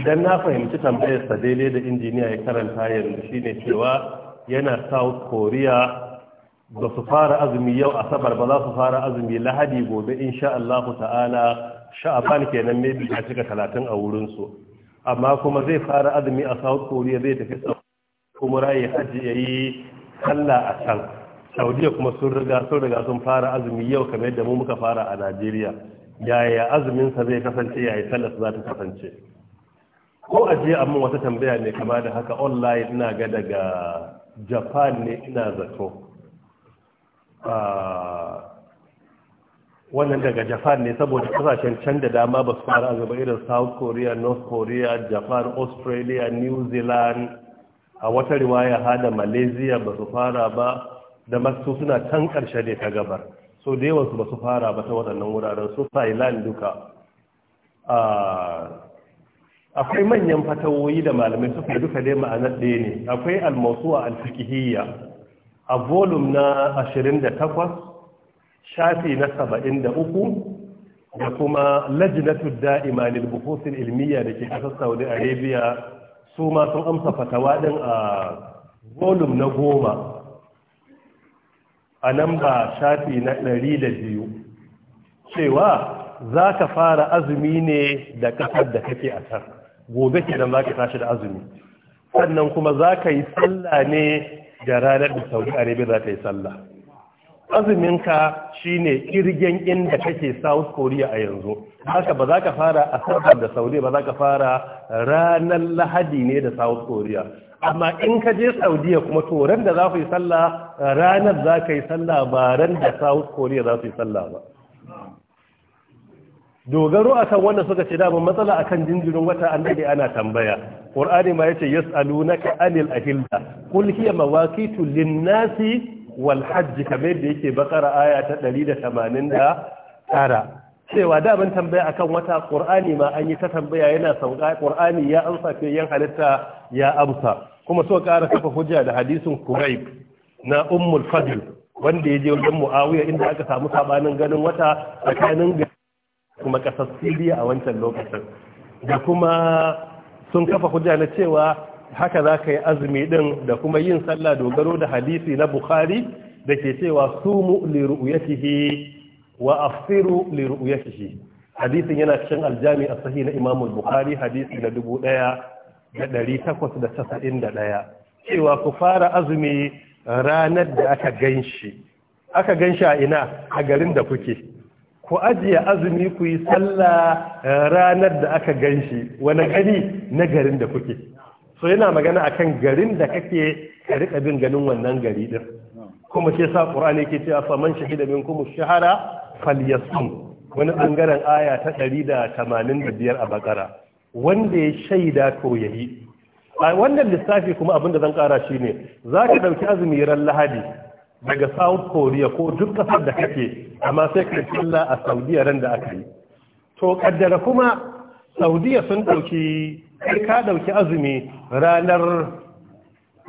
idan na fahimci tambayar sa daidai da injiniya ya karanta yanzu shine cewa yana south korea ba su fara azumi yau asabar ba za su fara azumi lahadi gobe insha Allah ta'ala sha'aban kenan maybe ya cika talatin a wurinsu amma kuma zai fara azumi a south korea zai tafi kuma raye hajji ya yi sallah a can saudiya kuma sun riga sun riga sun fara azumi yau kamar yadda mu muka fara a najeriya yaya azuminsa zai kasance yayi sallar za ta kasance ko a amma wata tambaya ne kama da haka online ina ga daga japan ne ina zato Ah, wannan daga japan ne saboda kasashen can da dama ba su fara azaba irin south korea north korea japan australia new zealand a wata riwaya da malaysia ba su fara ba da masu suna can karshe ne ta gabar so da yawansu ba su fara ba ta waɗannan wuraren su thailand duka ah, akwai manyan fatawoyi da malamai suka duka dai ma'anar ɗaya ne akwai almasuwa alfikihiyya a volum na 28 shafi na 73 da kuma lajinatu da'ima lil buhusin ilmiya da ke kasar saudi arabia su ma sun amsa fatawa din a volum na goma a nan ba shafi na 102 cewa za ka fara azumi ne da kasar da kake a can gobe kenan za ka tashi da azumi sannan kuma za ka yi sallah ne da ranar da saudi arabia za ta yi sallah azuminka shine kirgen inda kake south korea a yanzu haka ba za ka fara a asabar da saudi ba za ka fara ranar lahadi ne da south korea amma in ka je saudiya kuma to ran da za ku yi sallah ranar za ka yi sallah ba ran da south korea za su yi sallah ba dogaro akan wanda suka ce daman matsala akan jinjirin wata an dade ana tambaya qur'ani ma yace yas'alunaka anil ka qul hiya mawaqitu lin-nasi wal hajj kamar da yake bakara aya ta ɗari da tamanin 189 cewa daman tambaya akan wata qur'ani ma an yi ta tambaya yana sauka qur'ani ya amsa fiye yan halitta ya amsa kuma so ƙara kafa hujja da hadisin Quraib na Ummul Fadl wanda ya je wajen Muawiya inda aka samu sabanin ganin wata tsakanin kuma kasar siriya a wancan lokacin da kuma sun kafa hujja na cewa haka za ka yi azumi ɗin da kuma yin sallah dogaro da hadisi na bukhari da ke cewa sumu li ru'yatihi wa afsiru li ru'yatihi hadisin yana cikin aljami a sahi na imamu bukhari hadisi na dubu ɗaya da ɗari takwas da casa'in da ɗaya cewa ku fara azumi ranar da aka shi aka ganshi a ina a garin da kuke ku ajiye azumi ku yi sallah eh, ranar da aka gan shi wani gani na garin da kuke so yana magana a kan garin da kake ka bin ganin wannan gari din kuma ke sa qur'ani ke cewa fa man shahida minkum ash-shahara falyasum wani bangaren aya ta 185 a bakara wanda ya shaida ko yayi a wannan lissafi kuma abin da zan kara shine zaka dauki azumi ran lahadi daga south korea ko duk kasar da kake amma sai ka killa a saudiya ran da aka yi to kaddara kuma saudiya sun dauki kai ka dauki azumi ranar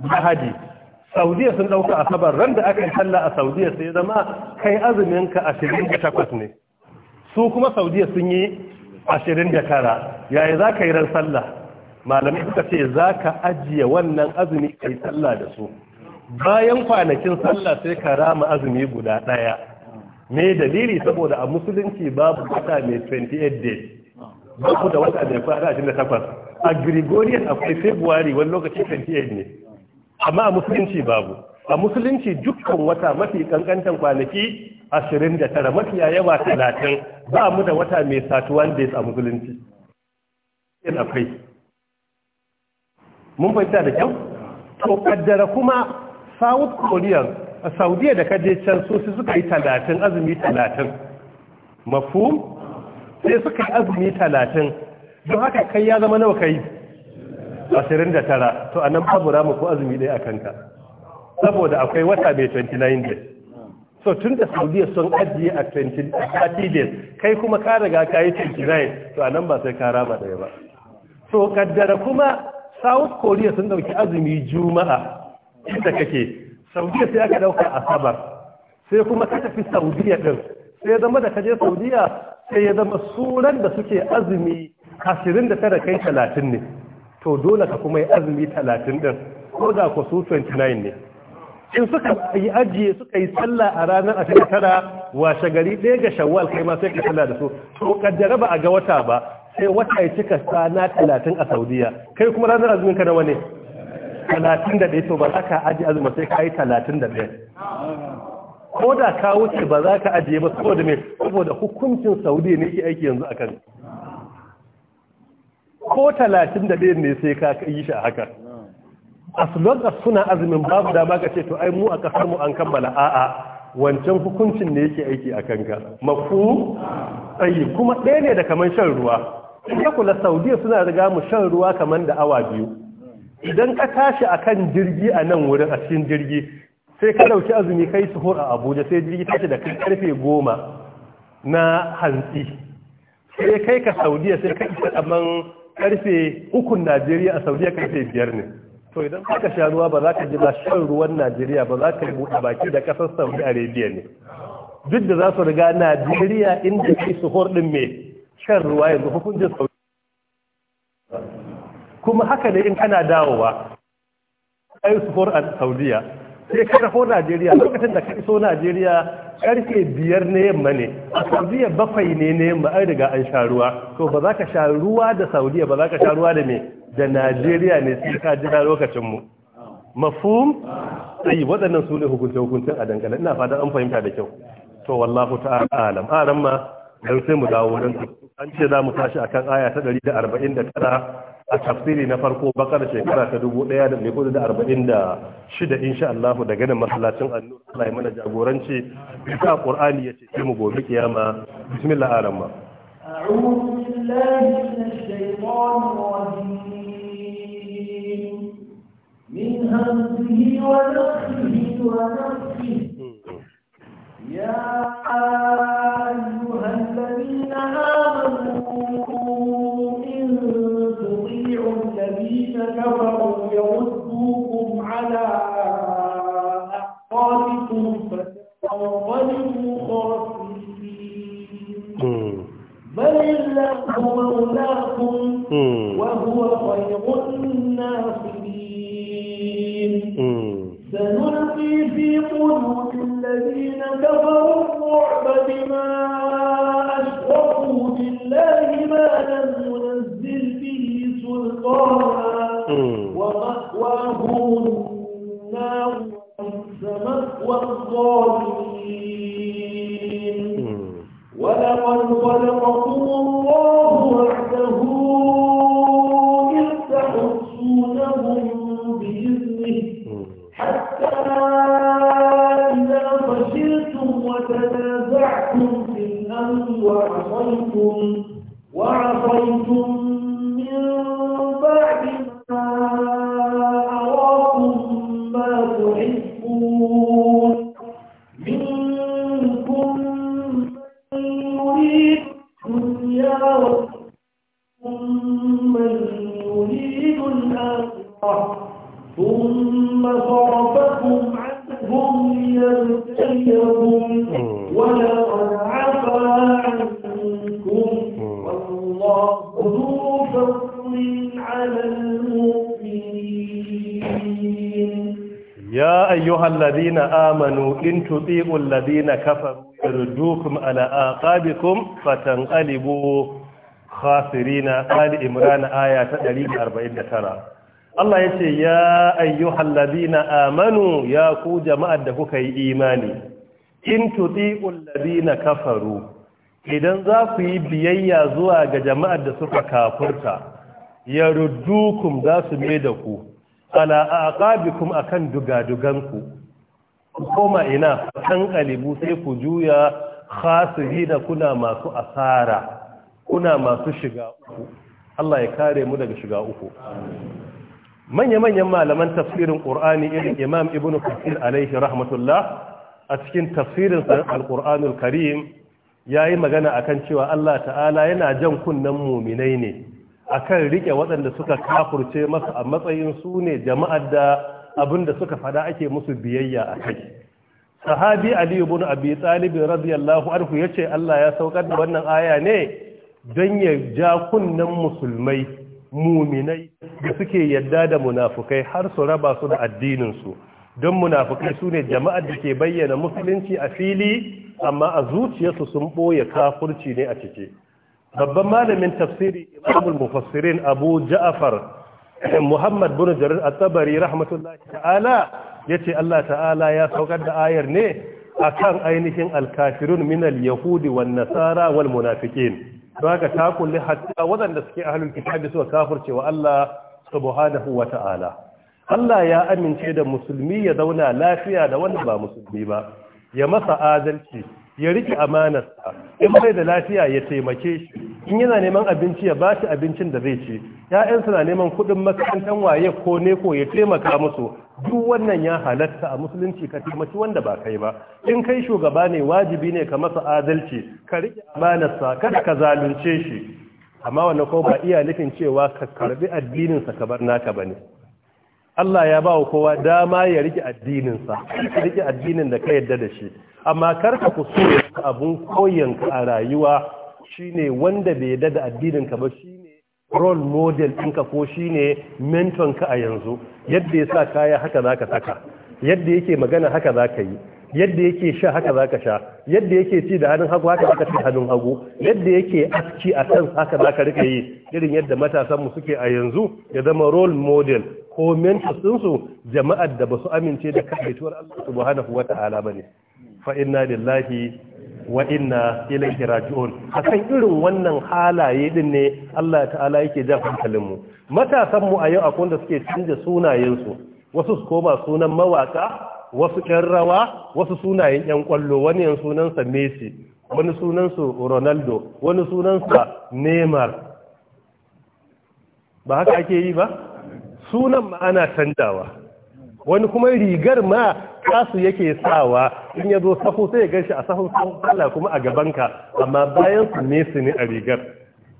lahadi saudiya sun dauka asabar ran da aka yi sallah a saudiya sai zama kai azumin ka 28 ne su kuma saudiya sun yi 29 yayi za ka yi ran sallah malamai suka ce za ka ajiye wannan azumi kai sallah da su bayan kwanakin sallah sai ka rama azumi guda ɗaya me dalili saboda a musulunci babu wata mai 28 days babu da wata mai da takwas. a gregorian akwai february wani lokaci 28 ne amma a musulunci babu a musulunci dukkan wata mafi kankantan kwanaki 29 mafiya yawa 30 ba mu da wata mai 31 days a musulunci in akwai mun fahimta da kyau to kaddara kuma south korea a saudiya da kaje can so su suka yi talatin azumi talatin mafu sai suka yi azumi talatin don haka kai ya zama nawa kai ashirin da tara to anan babu ramu ko azumi ɗaya a kanka saboda akwai wata mai 29 days so tun da saudiya sun ajiye a 30 days kai kuma ka riga ka yi 29 to anan ba sai ka rama ɗaya ba so kaddara kuma south korea sun ɗauki azumi juma'a inda kake saudiya sai aka dauka asabar sai kuma ka tafi saudiya din sai ya zama da kaje saudiya sai ya zama suran da suke azumi ashirin da tara kai talatin ne to dole ka kuma yi azumi talatin din ko da ku su 29 ne in suka yi ajiye suka yi sallah a ranar a cikin tara washe gari ɗaya ga shawwal kai ma sai ka sallah da su to kaddara ba a ga wata ba sai wata ya cika sana talatin a saudiya kai kuma ranar azumin ka nawa ne talatin da ɗaya to ba za ka aji azumin sai ka yi talatin da ɗaya ko da ka wuce ba za ka ajiye ba saboda mai saboda hukuncin saudi ne ke aiki yanzu a kan ko talatin da ɗaya ne sai ka yi shi a haka as long as suna azumin babu dama ka ce to ai mu a ƙasar mu an kammala a'a wancan hukuncin ne yake aiki a kanka mafu tsayi kuma ɗaya ne da kamar shan ruwa ya kula saudiya suna riga mu shan ruwa kamar da awa biyu idan ka tashi kan jirgi a nan wurin a cikin jirgi sai ka dauki azumi kai suhur a Abuja sai jirgi tashi da karfe goma na hantsi sai kai ka Saudiya sai ka isa kaman karfe ukun Najeriya a Saudiya karfe biyar ne to idan ka sha ruwa ba za ka ji ba shan ruwan Najeriya ba za ka buɗe baki da ƙasar Saudi Arabia ne duk da za su riga Najeriya inda kai suhur din mai shan ruwa yanzu hukuncin kuma haka ne in kana dawowa kai su for a saudiya sai ka taho najeriya lokacin da ka iso najeriya karfe biyar na yamma ne a saudiya bakwai ne na yamma an riga an sha ruwa to ba za ka sha ruwa da saudiya ba za ka sha ruwa da me da najeriya ne sai ka jira lokacin mu mafhum sai waɗannan su ne hukunce hukuncin a dangane ina fata an fahimta da kyau to wallahu ta'ala alam aran ma dan sai mu dawo dan an ce za mu tashi akan aya ta 149 a tafsiri na farko bakar shekara ta dubu ɗaya da mai kudu da arba'in da shida insha Allah daga nan masallacin annur Allah ya mana jagoranci bisa Qur'ani ya ce mu gobe kiyama bismillah arama أعوذ بالله من الشيطان الرجيم من همزه ونفسه ونفسه يا أيها الذين آمنوا الذين كفروا يردوكم على أعقابكم فتنقلبوا خاسرين بل الله مولاكم وهو خير الناصرين سنلقي في قلوب الذين كفروا الرعب بما أشركوا بالله ما لم ينزل به سلطانا ومأواهم النار الظالمين تطيعوا الذين كفروا يردوكم على Aya ta خاسرين آل إمران آية 149 Allah ya ce, “Ya ayyuhan labina amanu ya ku jama'ar da kuka yi imani, in tuti'un labina kafaru, idan za ku yi biyayya zuwa ga jama'ar da suka kafurka, ya ruddukum za su mai da ku, ala a akan dugaduganku, koma ina kan kalibu sai ku juya khasirina kuna masu asara kuna masu shiga uku Allah ya kare mu daga shiga uku manya-manyan malaman tafsirin ƙur'ani irin imam ibn kafir alaihi rahmatullah a cikin tafsirin al-ƙur'anul karim ya yi magana akan cewa Allah ta'ala yana jan kunnen muminai ne akan rike waɗanda suka kafurce masa a matsayin su ne jama'ar da abin da suka fada ake musu biyayya a kai sahabi ali ibn abi talib radiyallahu anhu ce Allah ya saukar da wannan aya ne don ya ja kunnan musulmai muminai da suke yadda da munafukai har su raba su da addininsu. don munafukai su ne jama'ar da ke bayyana musulunci a fili amma a zuciyarsu sun ɓoye kafurci ne a cike. babban malamin tafsiri imamul mufassirin abu ja'afar Muhammad bin Jarir at-Tabari rahmatullahi ta'ala yace Allah ta'ala ya saukar da ayar ne akan ainihin al-kafirun min al-yahudi wan nasara wal munafiqin haka ta kulli hatta wadanda suke ahlul kitabi suka kafirce wa Allah subhanahu wa ta'ala Allah ya amince da musulmi ya zauna lafiya da wanda ba musulmi ba ya masa adalci ya rike amanarsa in bai da lafiya ya taimake shi in yana neman abinci ya bashi abincin da zai ci ya'yansa na neman kuɗin makarantar waye ko ne ko ya taimaka musu duk wannan ya halatta a musulunci ka taimaki wanda ba kai ba in kai shugaba ne wajibi ne ka masa adalci ka rike amanarsa kada ka zalunce shi amma wannan ko ba iya nufin cewa ka karbi addininsa ka bar naka bane Allah ya ba wa kowa dama ya rike addininsa, ya rike addinin da ka yarda da shi, amma karka ku so abun koyanka a rayuwa shine wanda bai dada da addinin ka ba shine role model ɗinka ko shine mentor ka a yanzu yadda ya sa kaya haka zaka saka yadda yake magana haka zaka yi yadda yake sha haka zaka sha yadda yake ci da hannun hagu haka zaka ci hannun hagu yadda yake aski a kan haka zaka rika yi irin yadda matasan mu suke a yanzu ya zama role model ko mentor ɗinsu jama'ar da basu amince da kaɗaituwar Allah subhanahu ba ne. fa inna lillahi wa inna ilaihi raji'un kan irin wannan halaye din ne Allah ta'ala yake jan hankalin mu matasan a yau akwai da suke canja sunayensu su wasu su koma sunan mawaka wasu yan rawa wasu sunayen ƴan kwallo wani yan sunansa Messi wani sunansa Ronaldo wani sunansa Neymar ba haka ake yi ba sunan ma ana canjawa wani kuma rigar ma kasu yake sawa in ya zo sahu sai ya gan shi a safon sallah kuma a gabanka amma bayan su ne ne a rigar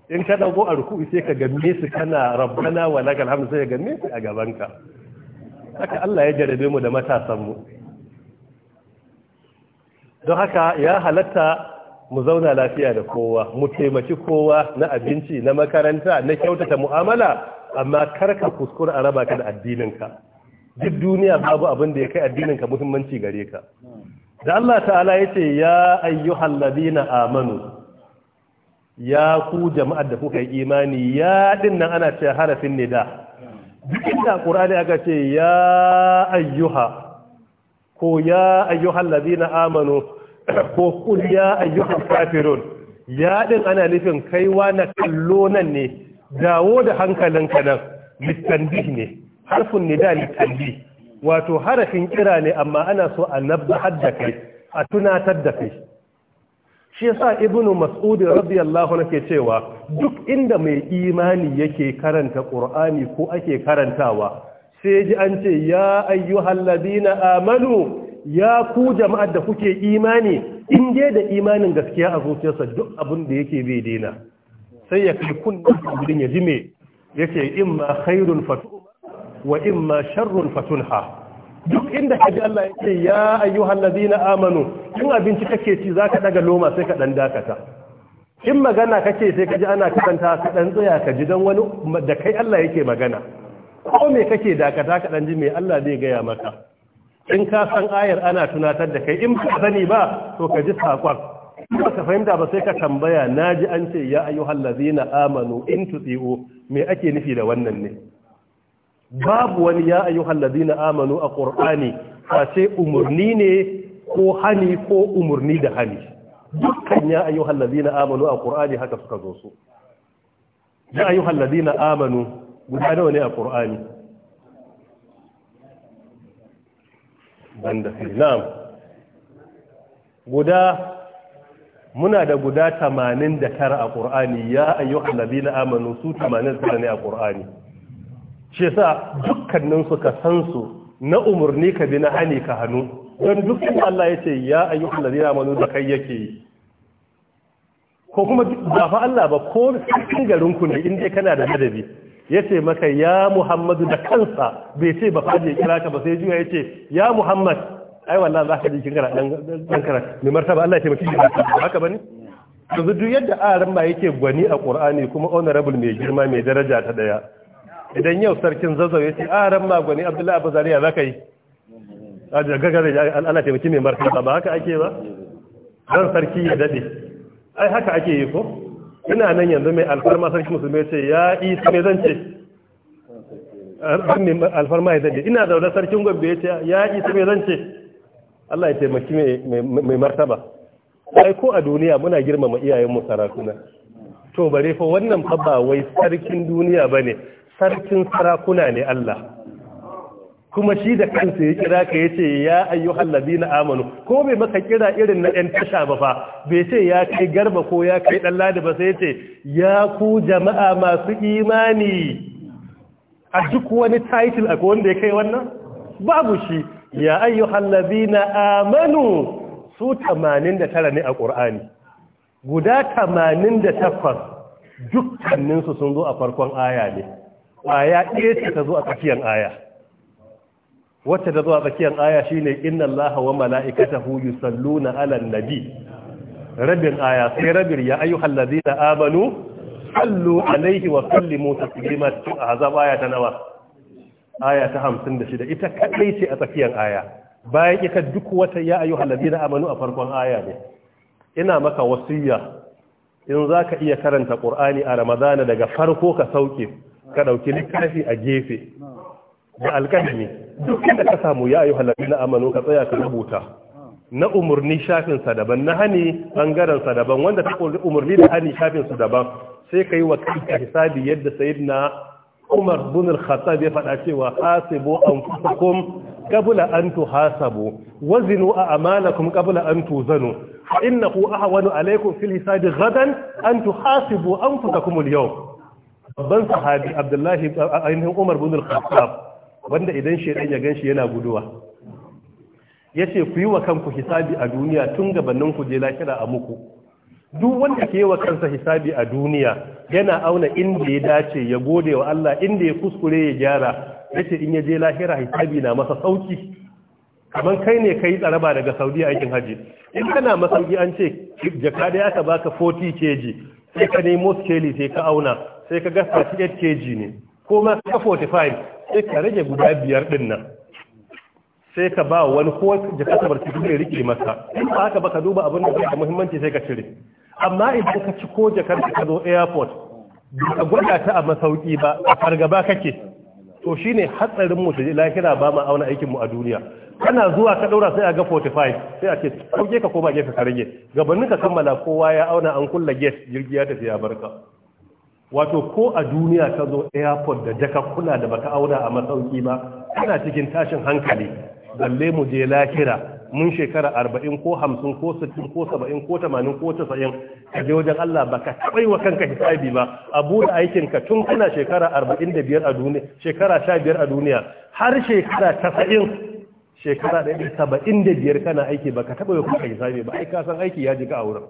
in ka dago a ruku sai ka ganne su kana rabbana wa lakal hamdu sai ya ganne su a gabanka haka Allah ya jarabe mu da matasanmu. don haka ya halatta mu zauna lafiya da kowa mu taimaki kowa na abinci na makaranta na kyautata mu'amala amma karka kuskura a raba ka da addininka duk duniya babu abin da ya kai addinin ka muhimmanci gare ka da Allah ta'ala ya ce ya ayyuhal ladina amanu ya ku jama'ar da kuka yi imani ya dinnan ana cewa harafin da. duk inda qur'ani aka ce ya ayyuha ko ya ayyuhal ladina amanu ko kul ya ayyuhal kafirun ya din ana nufin kaiwa na kallo nan ne dawo da hankalinka nan bitanbih ne harfin nida ne wato harafin kira ne amma ana so a nabbahar hadda kai a tunatar da kai shi yasa ibnu mas'ud radiyallahu anhu ke cewa duk inda mai imani yake karanta qur'ani ko ake karantawa sai ji an ce ya ayyuhal ladina amanu ya ku jama'ar da kuke imani in dai da imanin gaskiya a zuciyarsa duk abin da yake bai daina sai ya kai kunnan gudun ya ji yace in ma khairun fatu wa imma sharrun fatunha duk inda kaji Allah ya ce ya ayyuhal ladina amanu in abinci kake ci zaka daga loma sai ka dan dakata in magana kake sai kaji ana kanta ka dan tsaya ka ji dan wani da kai Allah yake magana ko me kake dakata ka dan ji me Allah zai gaya maka in ka san ayar ana tunatar da kai in ba sani ba to ka ji sakon ba ka fahimta ba sai ka tambaya naji an ce ya ayyuhal ladina amanu in tusiu me ake nufi da wannan ne babu wani ya ayyuhal ladina amanu a qur'ani face umarni ne ko hani ko umarni da hani dukkan ya ayyuhal ladina amanu a ƙorani haka suka zo su ya ayyuhal ladina amanu guda nawa ne a qur'ani banda na'am guda muna da guda 89 a ƙorani ya ayyuhal ladina amanu su 89 ne a ƙorani shi yasa dukkanin suka ka san su na umurni ka bi na hani ka hannu don dukkan Allah ya ce ya ayyukan da zira manu da kai yake yi ko kuma ba fa Allah ba ko cikin garin ku ne in dai kana da ladabi ya ce maka ya Muhammadu da kansa bai ce ba fadi ya kira ka ba sai juya ya ce ya Muhammad ai wallahi za ka ji kin gara dan kara mai martaba Allah ya ce mutum haka bane yanzu duk yadda aran ba yake gwani a Qur'ani kuma honorable mai girma mai daraja ta daya idan yau sarkin zazzau ya ce a ah, ran magwani abdullahi abu zariya za ka yi a gagara da ana taimaki mai martaba ba haka ake ba Zan sarki ya daɗe ai haka ake yi ko ina nan yanzu mai alfarma sarki musulmi ce ya isa mai zan ce alfarma ya daɗe ina zaune sarkin gobe ya ce ya isa mai zan ce Allah ya taimaki mai martaba ai ko a duniya muna girmama iyayenmu sarakuna to bare fa wannan fa ba wai sarkin duniya bane sarkin sarakuna ne Allah kuma shi da kansa ya kira ka yace ya ayyuhal ladina amanu ko bai maka kira irin na ɗan tasha ba fa bai ce ya kai garba ko ya kai dan ladi ba sai yace ya ku jama'a masu imani a duk wani title a wanda ya kai wannan babu shi ya ayyuhal ladina amanu su 89 ne a Qur'ani guda 88 dukkaninsu sun zo a farkon aya ne aya ɗaya ce ta zo a tsakiyar aya wacce ta zo a tsakiyar aya shine inna allaha wa mala'ikatahu yusalluna 'alan nabi rabin aya sai rabin ya ayyuhal ladina amanu sallu alaihi wa sallimu taslima cikin azab aya ta nawa aya ta 56 ita kadai ce a tsakiyar aya bayan ita duk wata ya ayyuhal ladina amanu a farkon aya ne ina maka wasiya in zaka iya karanta qur'ani a ramadana daga farko ka sauke ka ɗauki littafi a gefe da alƙalami duk inda ka samu ya ayu halabi na amanu ka tsaya ka rubuta na umarni shafinsa daban na hani ɓangarensa daban wanda ta umarni da hani shafinsa daban sai ka yi wa kanka hisabi yadda na umar bin al-khattab ya faɗa cewa hasibu anfusakum qabla an tuhasabu wazinu a'malakum qabla an tuzanu fa innahu ahwanu alaykum fil hisabi ghadan an tuhasibu anfusakum al-yawm babban sahabi abdullahi ainihin umar bin al-khattab wanda idan shedan ya ganshi yana guduwa yace ku yi wa kanku hisabi a duniya tun gabanin ku je lahira a muku duk wanda ke wa kansa hisabi a duniya yana auna inda ya dace ya gode wa Allah inda ya kuskure ya gyara yace in ya je lahira hisabi na masa sauki kamar kai ne kai tsaraba daga Saudi aikin haji in kana masauki an ce jaka da aka baka 40 kg sai ka nemo skeli sai ka auna sai ka ga 38 kg ne ko ma ka 45 sai ka rage guda biyar din nan sai ka ba wani ko jaka ta barci duk rike masa in ba haka ba ka duba abin da yake muhimmanci sai ka cire amma idan ka ci ko jakar ka zo airport ba gwada ta a masauki ba a fargaba kake to shi ne hatsarin mu da lahira ba ma auna aikinmu a duniya kana zuwa ka ɗaura sai a ga 45 sai a ce ɗauke ka ko gefe ka rage gabanin ka kammala kowa ya auna an kulla gate jirgi ya tafi ya barka wato ko a duniya ka zo airport da jaka kula da baka auna a masauki ba kana cikin tashin hankali balle mu je lahira mun shekara arba'in ko hamsin ko sittin ko saba'in ko tamanin ko tasa'in ka je wajen Allah ba ka taɓa wa kanka hisabi ba a buɗe ka tun kana shekara arba'in da biyar a duniya shekara sha biyar a duniya har shekara tasa'in shekara ɗaya saba'in da biyar kana aiki ba ka taɓa wa kanka hisabi ba ai ka san aiki ya jika a wurin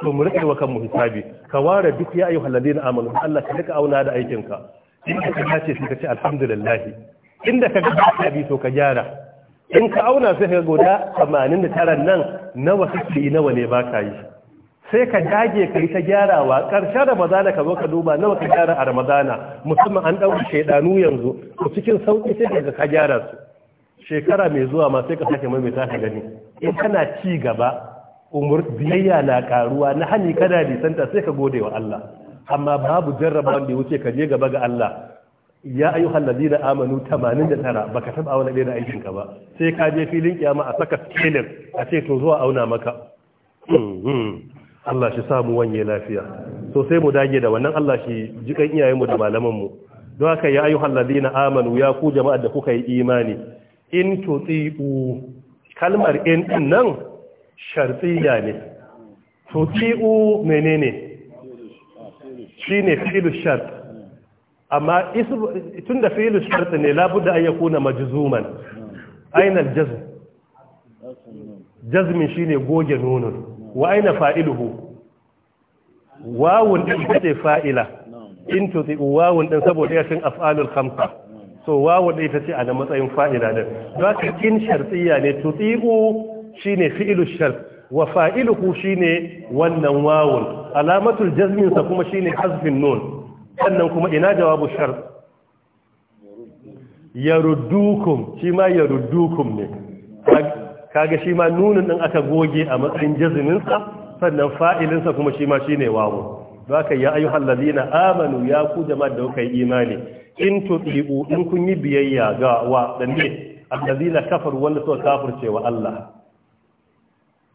So mu riƙe wa kanmu hisabi ka ware duk ya yi ladina amanu Allah ka riƙa auna da aikinka in ka dace sai ka ce alhamdulillahi inda ka ga ba ka bi to ka gyara in ka auna sai ka guda 89 nan nawa yi nawa ne ba ka yi sai ka dage ka yi ta gyarawa ƙarshen ramadana ka zo ka duba nawa ka gyara a ramadana musamman an ɗauki shaidanu yanzu ko cikin sauƙi sai ka ka gyara su shekara mai zuwa ma sai ka sake maimaita ka gani in kana ci gaba umur biyayya na karuwa na hani kana nisanta sai ka gode wa Allah amma babu jarraba wanda ya wuce ka je gaba ga Allah ya ayu hallazi da amanu 89 baka taba wani ɗaya da aikinka ba sai ka je filin kiyama a saka skelin a ce to zuwa auna maka hmm, hmm. Allah shi samu wanye lafiya so sai mu dage da wannan Allah shi jikan iyayenmu da mu don haka ya ayu hallazi na amanu ya ku jama'ar da kuka yi imani in tsiku kalmar in din nan shartiya ne tsiku menene shine fi'il shart amma tun da fi'il shart ne labudda an yakuna majzuman aina aljazm jazmin ne goge nunun wa aina fa'iluhu wawun ɗin din ce fa'ila in tuti wawun ɗin saboda yashin af'alul khamsa so wawun ɗin din ce a matsayin fa'ila din don haka in shartiyya ne shi ne fi'ilu shart wa fa'iluhu shi ne wannan wawun alamatul jazminsa kuma shi ne hazfin nun sannan kuma ina jawabu shar yaruddukum shi ma ne kaga shi ma nunin din aka goge a matsayin jazimin sannan fa'ilinsa kuma shi ma shine wawu ka yi ayyuhal Lalina? amanu ya ku jama'a da yi imani in tuɗi'u in kun yi biyayya ga wa A Lalina kafar wanda suka kafar wa Allah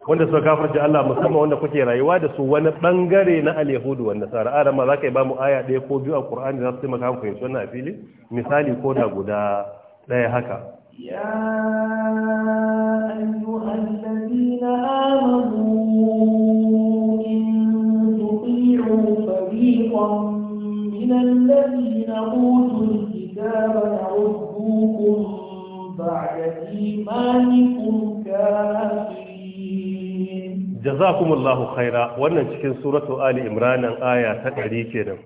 wanda suka kafirce Allah musamman wanda kuke rayuwa da su wani bangare na al-yahudu wanda sara arama za ka yi ba mu aya ɗaya ko biyu a Kur'ani za su taimaka muku yanzu wannan a fili misali ko da guda ɗaya haka ya ayyuhallazina amanu in tuti'u fariqan min allazina utul kitaba ya'uddukum ba'da imanikum kafirin jazakumullahu khaira wannan cikin suratu ali imranin aya ta ɗari kenan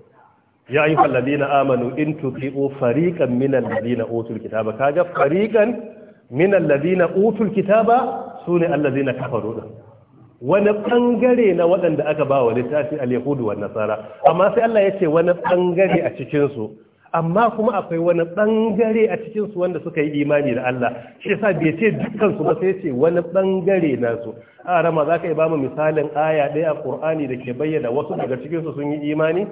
ya ayyuhal ladina amanu in tuti'u fariqan minal ladina utul kitaba kaga fariqan minal ladina utul kitaba sune alladina kafaru din wani bangare na waɗanda aka ba wa littafi al-yahudu wan nasara amma sai Allah ya ce wani bangare a cikin su amma kuma akwai wani ɓangare a cikinsu su wanda suka yi imani da Allah shi yasa bai ce dukkan ba sai ce wani bangare na su a rama zaka yi mu misalin aya ɗaya a Qur'ani da ke bayyana wasu daga cikinsu sun yi imani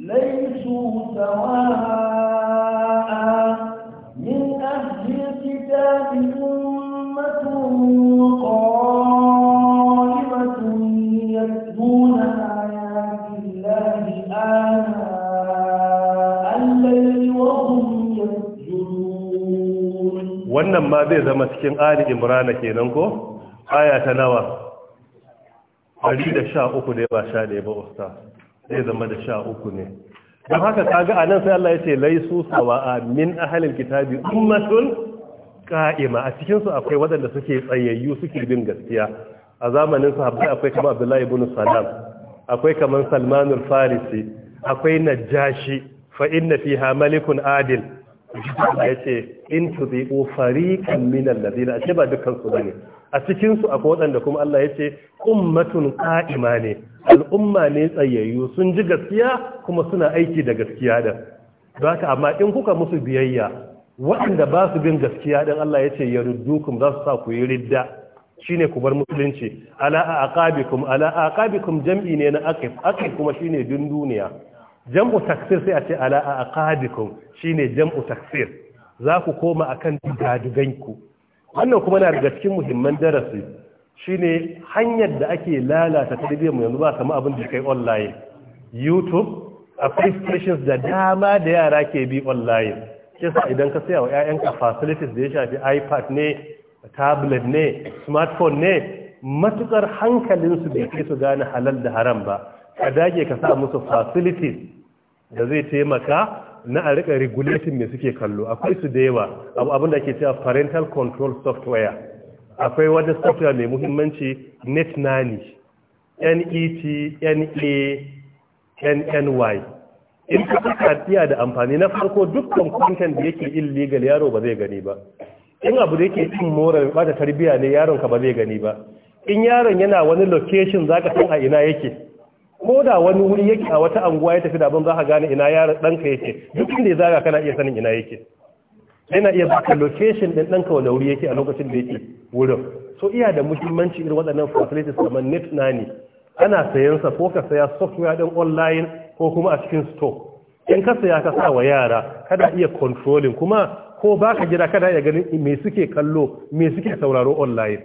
laisu sawa'a min ahli kitabin ummatun qad wannan ma zai zama cikin ali imrana kenan ko aya ta nawa 113 ne ba sha ne ba usta zai zama da 13 ne don haka kaga anan sai Allah ya ce laisu sawa'a min ahlil kitabi ummatun qa'ima a cikin su akwai wadanda suke tsayayyu suke bin gaskiya a zamanin sahabbai akwai kamar Abdullahi ibn Salam akwai kamar Salman farisi akwai Najashi fa inna fiha malikun adil ya ce in tuzi'u ashe ba ba ne. a cikinsu akwai waɗanda kuma Allah ya ce ummatun qa'ima ne al'umma ne tsayayyu sun ji gaskiya kuma suna aiki da gaskiya da don haka amma in kuka musu biyayya waɗanda ba su bin gaskiya dan Allah ya ce yaruddukum za su sa ku yi ridda shine ku bar musulunci ala aqabikum ala aqabikum jam'i ne na aqib aqib kuma shine dunduniya jam'u taksir sai a ce ala a shi ne jam'u taksir za ku koma a akan ku wannan kuma na daga cikin muhimman darasi Shi ne hanyar da ake lalata tarbiyyar mu yanzu ba kama abin da kai online youtube a stations da dama da yara ke bi online kisa idan ka saya wa 'ya'yanka facilities da ya shafi ipad ne tablet ne smartphone ne matukar hankalinsu bai ke su gane halal da haram ba ka dage ka sa musu facilities da zai taimaka na a rika regulatin mai suke kallo akwai su da yawa abu abin da ke cewa parental control software akwai wani software mai muhimmanci net nani net na nny in ka saka tiya da amfani na farko dukkan content da yake illegal yaro ba zai gani ba in abu da yake immoral ba ta tarbiya ne yaron ka ba zai gani ba in yaron yana wani location zaka san a ina yake ko da wani wuri yake a wata anguwa ya tafi da abin za ka gane ina yaron ɗanka yake duk inda ya zaga kana iya sanin ina yake yana iya baka location ɗin ɗanka wanda wuri yake a lokacin da yake wurin so iya da muhimmanci irin waɗannan facilities kamar net nani ana sayan sa ko ka saya software ɗin online ko kuma a cikin store in ka saya ka sa wa yara kada iya controlling kuma ko baka gida kada iya ganin me suke kallo me suke sauraro online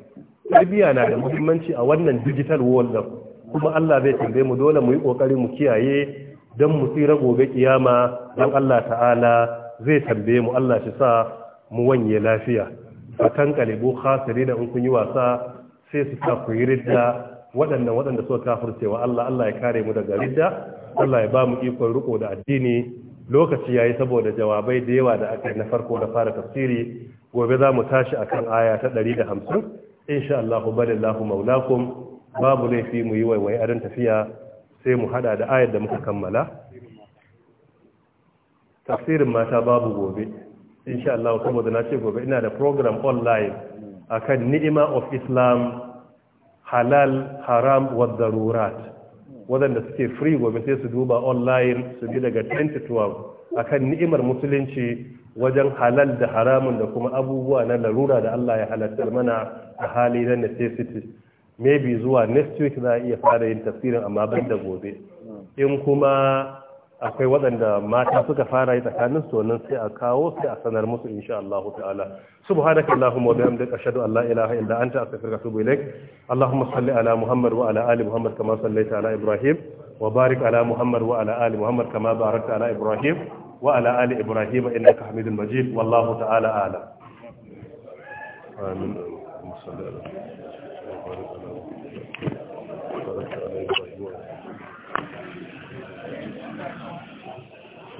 tarbiyya na da muhimmanci a wannan digital world ɗin kuma Allah zai tambaye mu dole mu yi kokari mu kiyaye dan mu tsira gobe kiyama dan Allah ta'ala zai tambaye mu Allah shi sa mu wanye lafiya fatan kalibu khasiri da in kun yi wasa sai su ta ku yi ridda waɗannan waɗanda suka kafirce wa Allah Allah ya kare mu daga ridda Allah ya ba mu ikon riko da addini lokaci yayi saboda jawabai da yawa da aka yi na farko da fara tafsiri gobe za mu tashi akan aya ta 150 insha Allah balillahu maulakum babu laifi mu yi waiwaye adon tafiya sai mu hada da ayar da muka kammala tafsirin mata babu gobe insha Allah saboda na ce gobe ina da program online akan ni'ima of Islam halal haram wa darurat wadanda suke free gobe sai su duba online su bi daga 10 to 12 akan ni'imar musulunci wajen halal da haramun da kuma abubuwa na larura da Allah ya halatta mana a hali na necessity maybe zuwa next week za a iya fara yin tafsirin amma ban da gobe in kuma akwai waɗanda mata suka fara yi tsakanin su sai a kawo sai a sanar musu insha Allah ta'ala subhanaka allahumma wa bihamdika ashhadu an la ilaha illa anta astaghfiruka wa atubu ilaik allahumma salli ala muhammad wa ala ali muhammad kama sallaita ala ibrahim wa barik ala muhammad wa ala ali muhammad kama barakta ala ibrahim wa ala ali ibrahim innaka hamidul majid wallahu ta'ala ala. amin sallallahu alaihi wa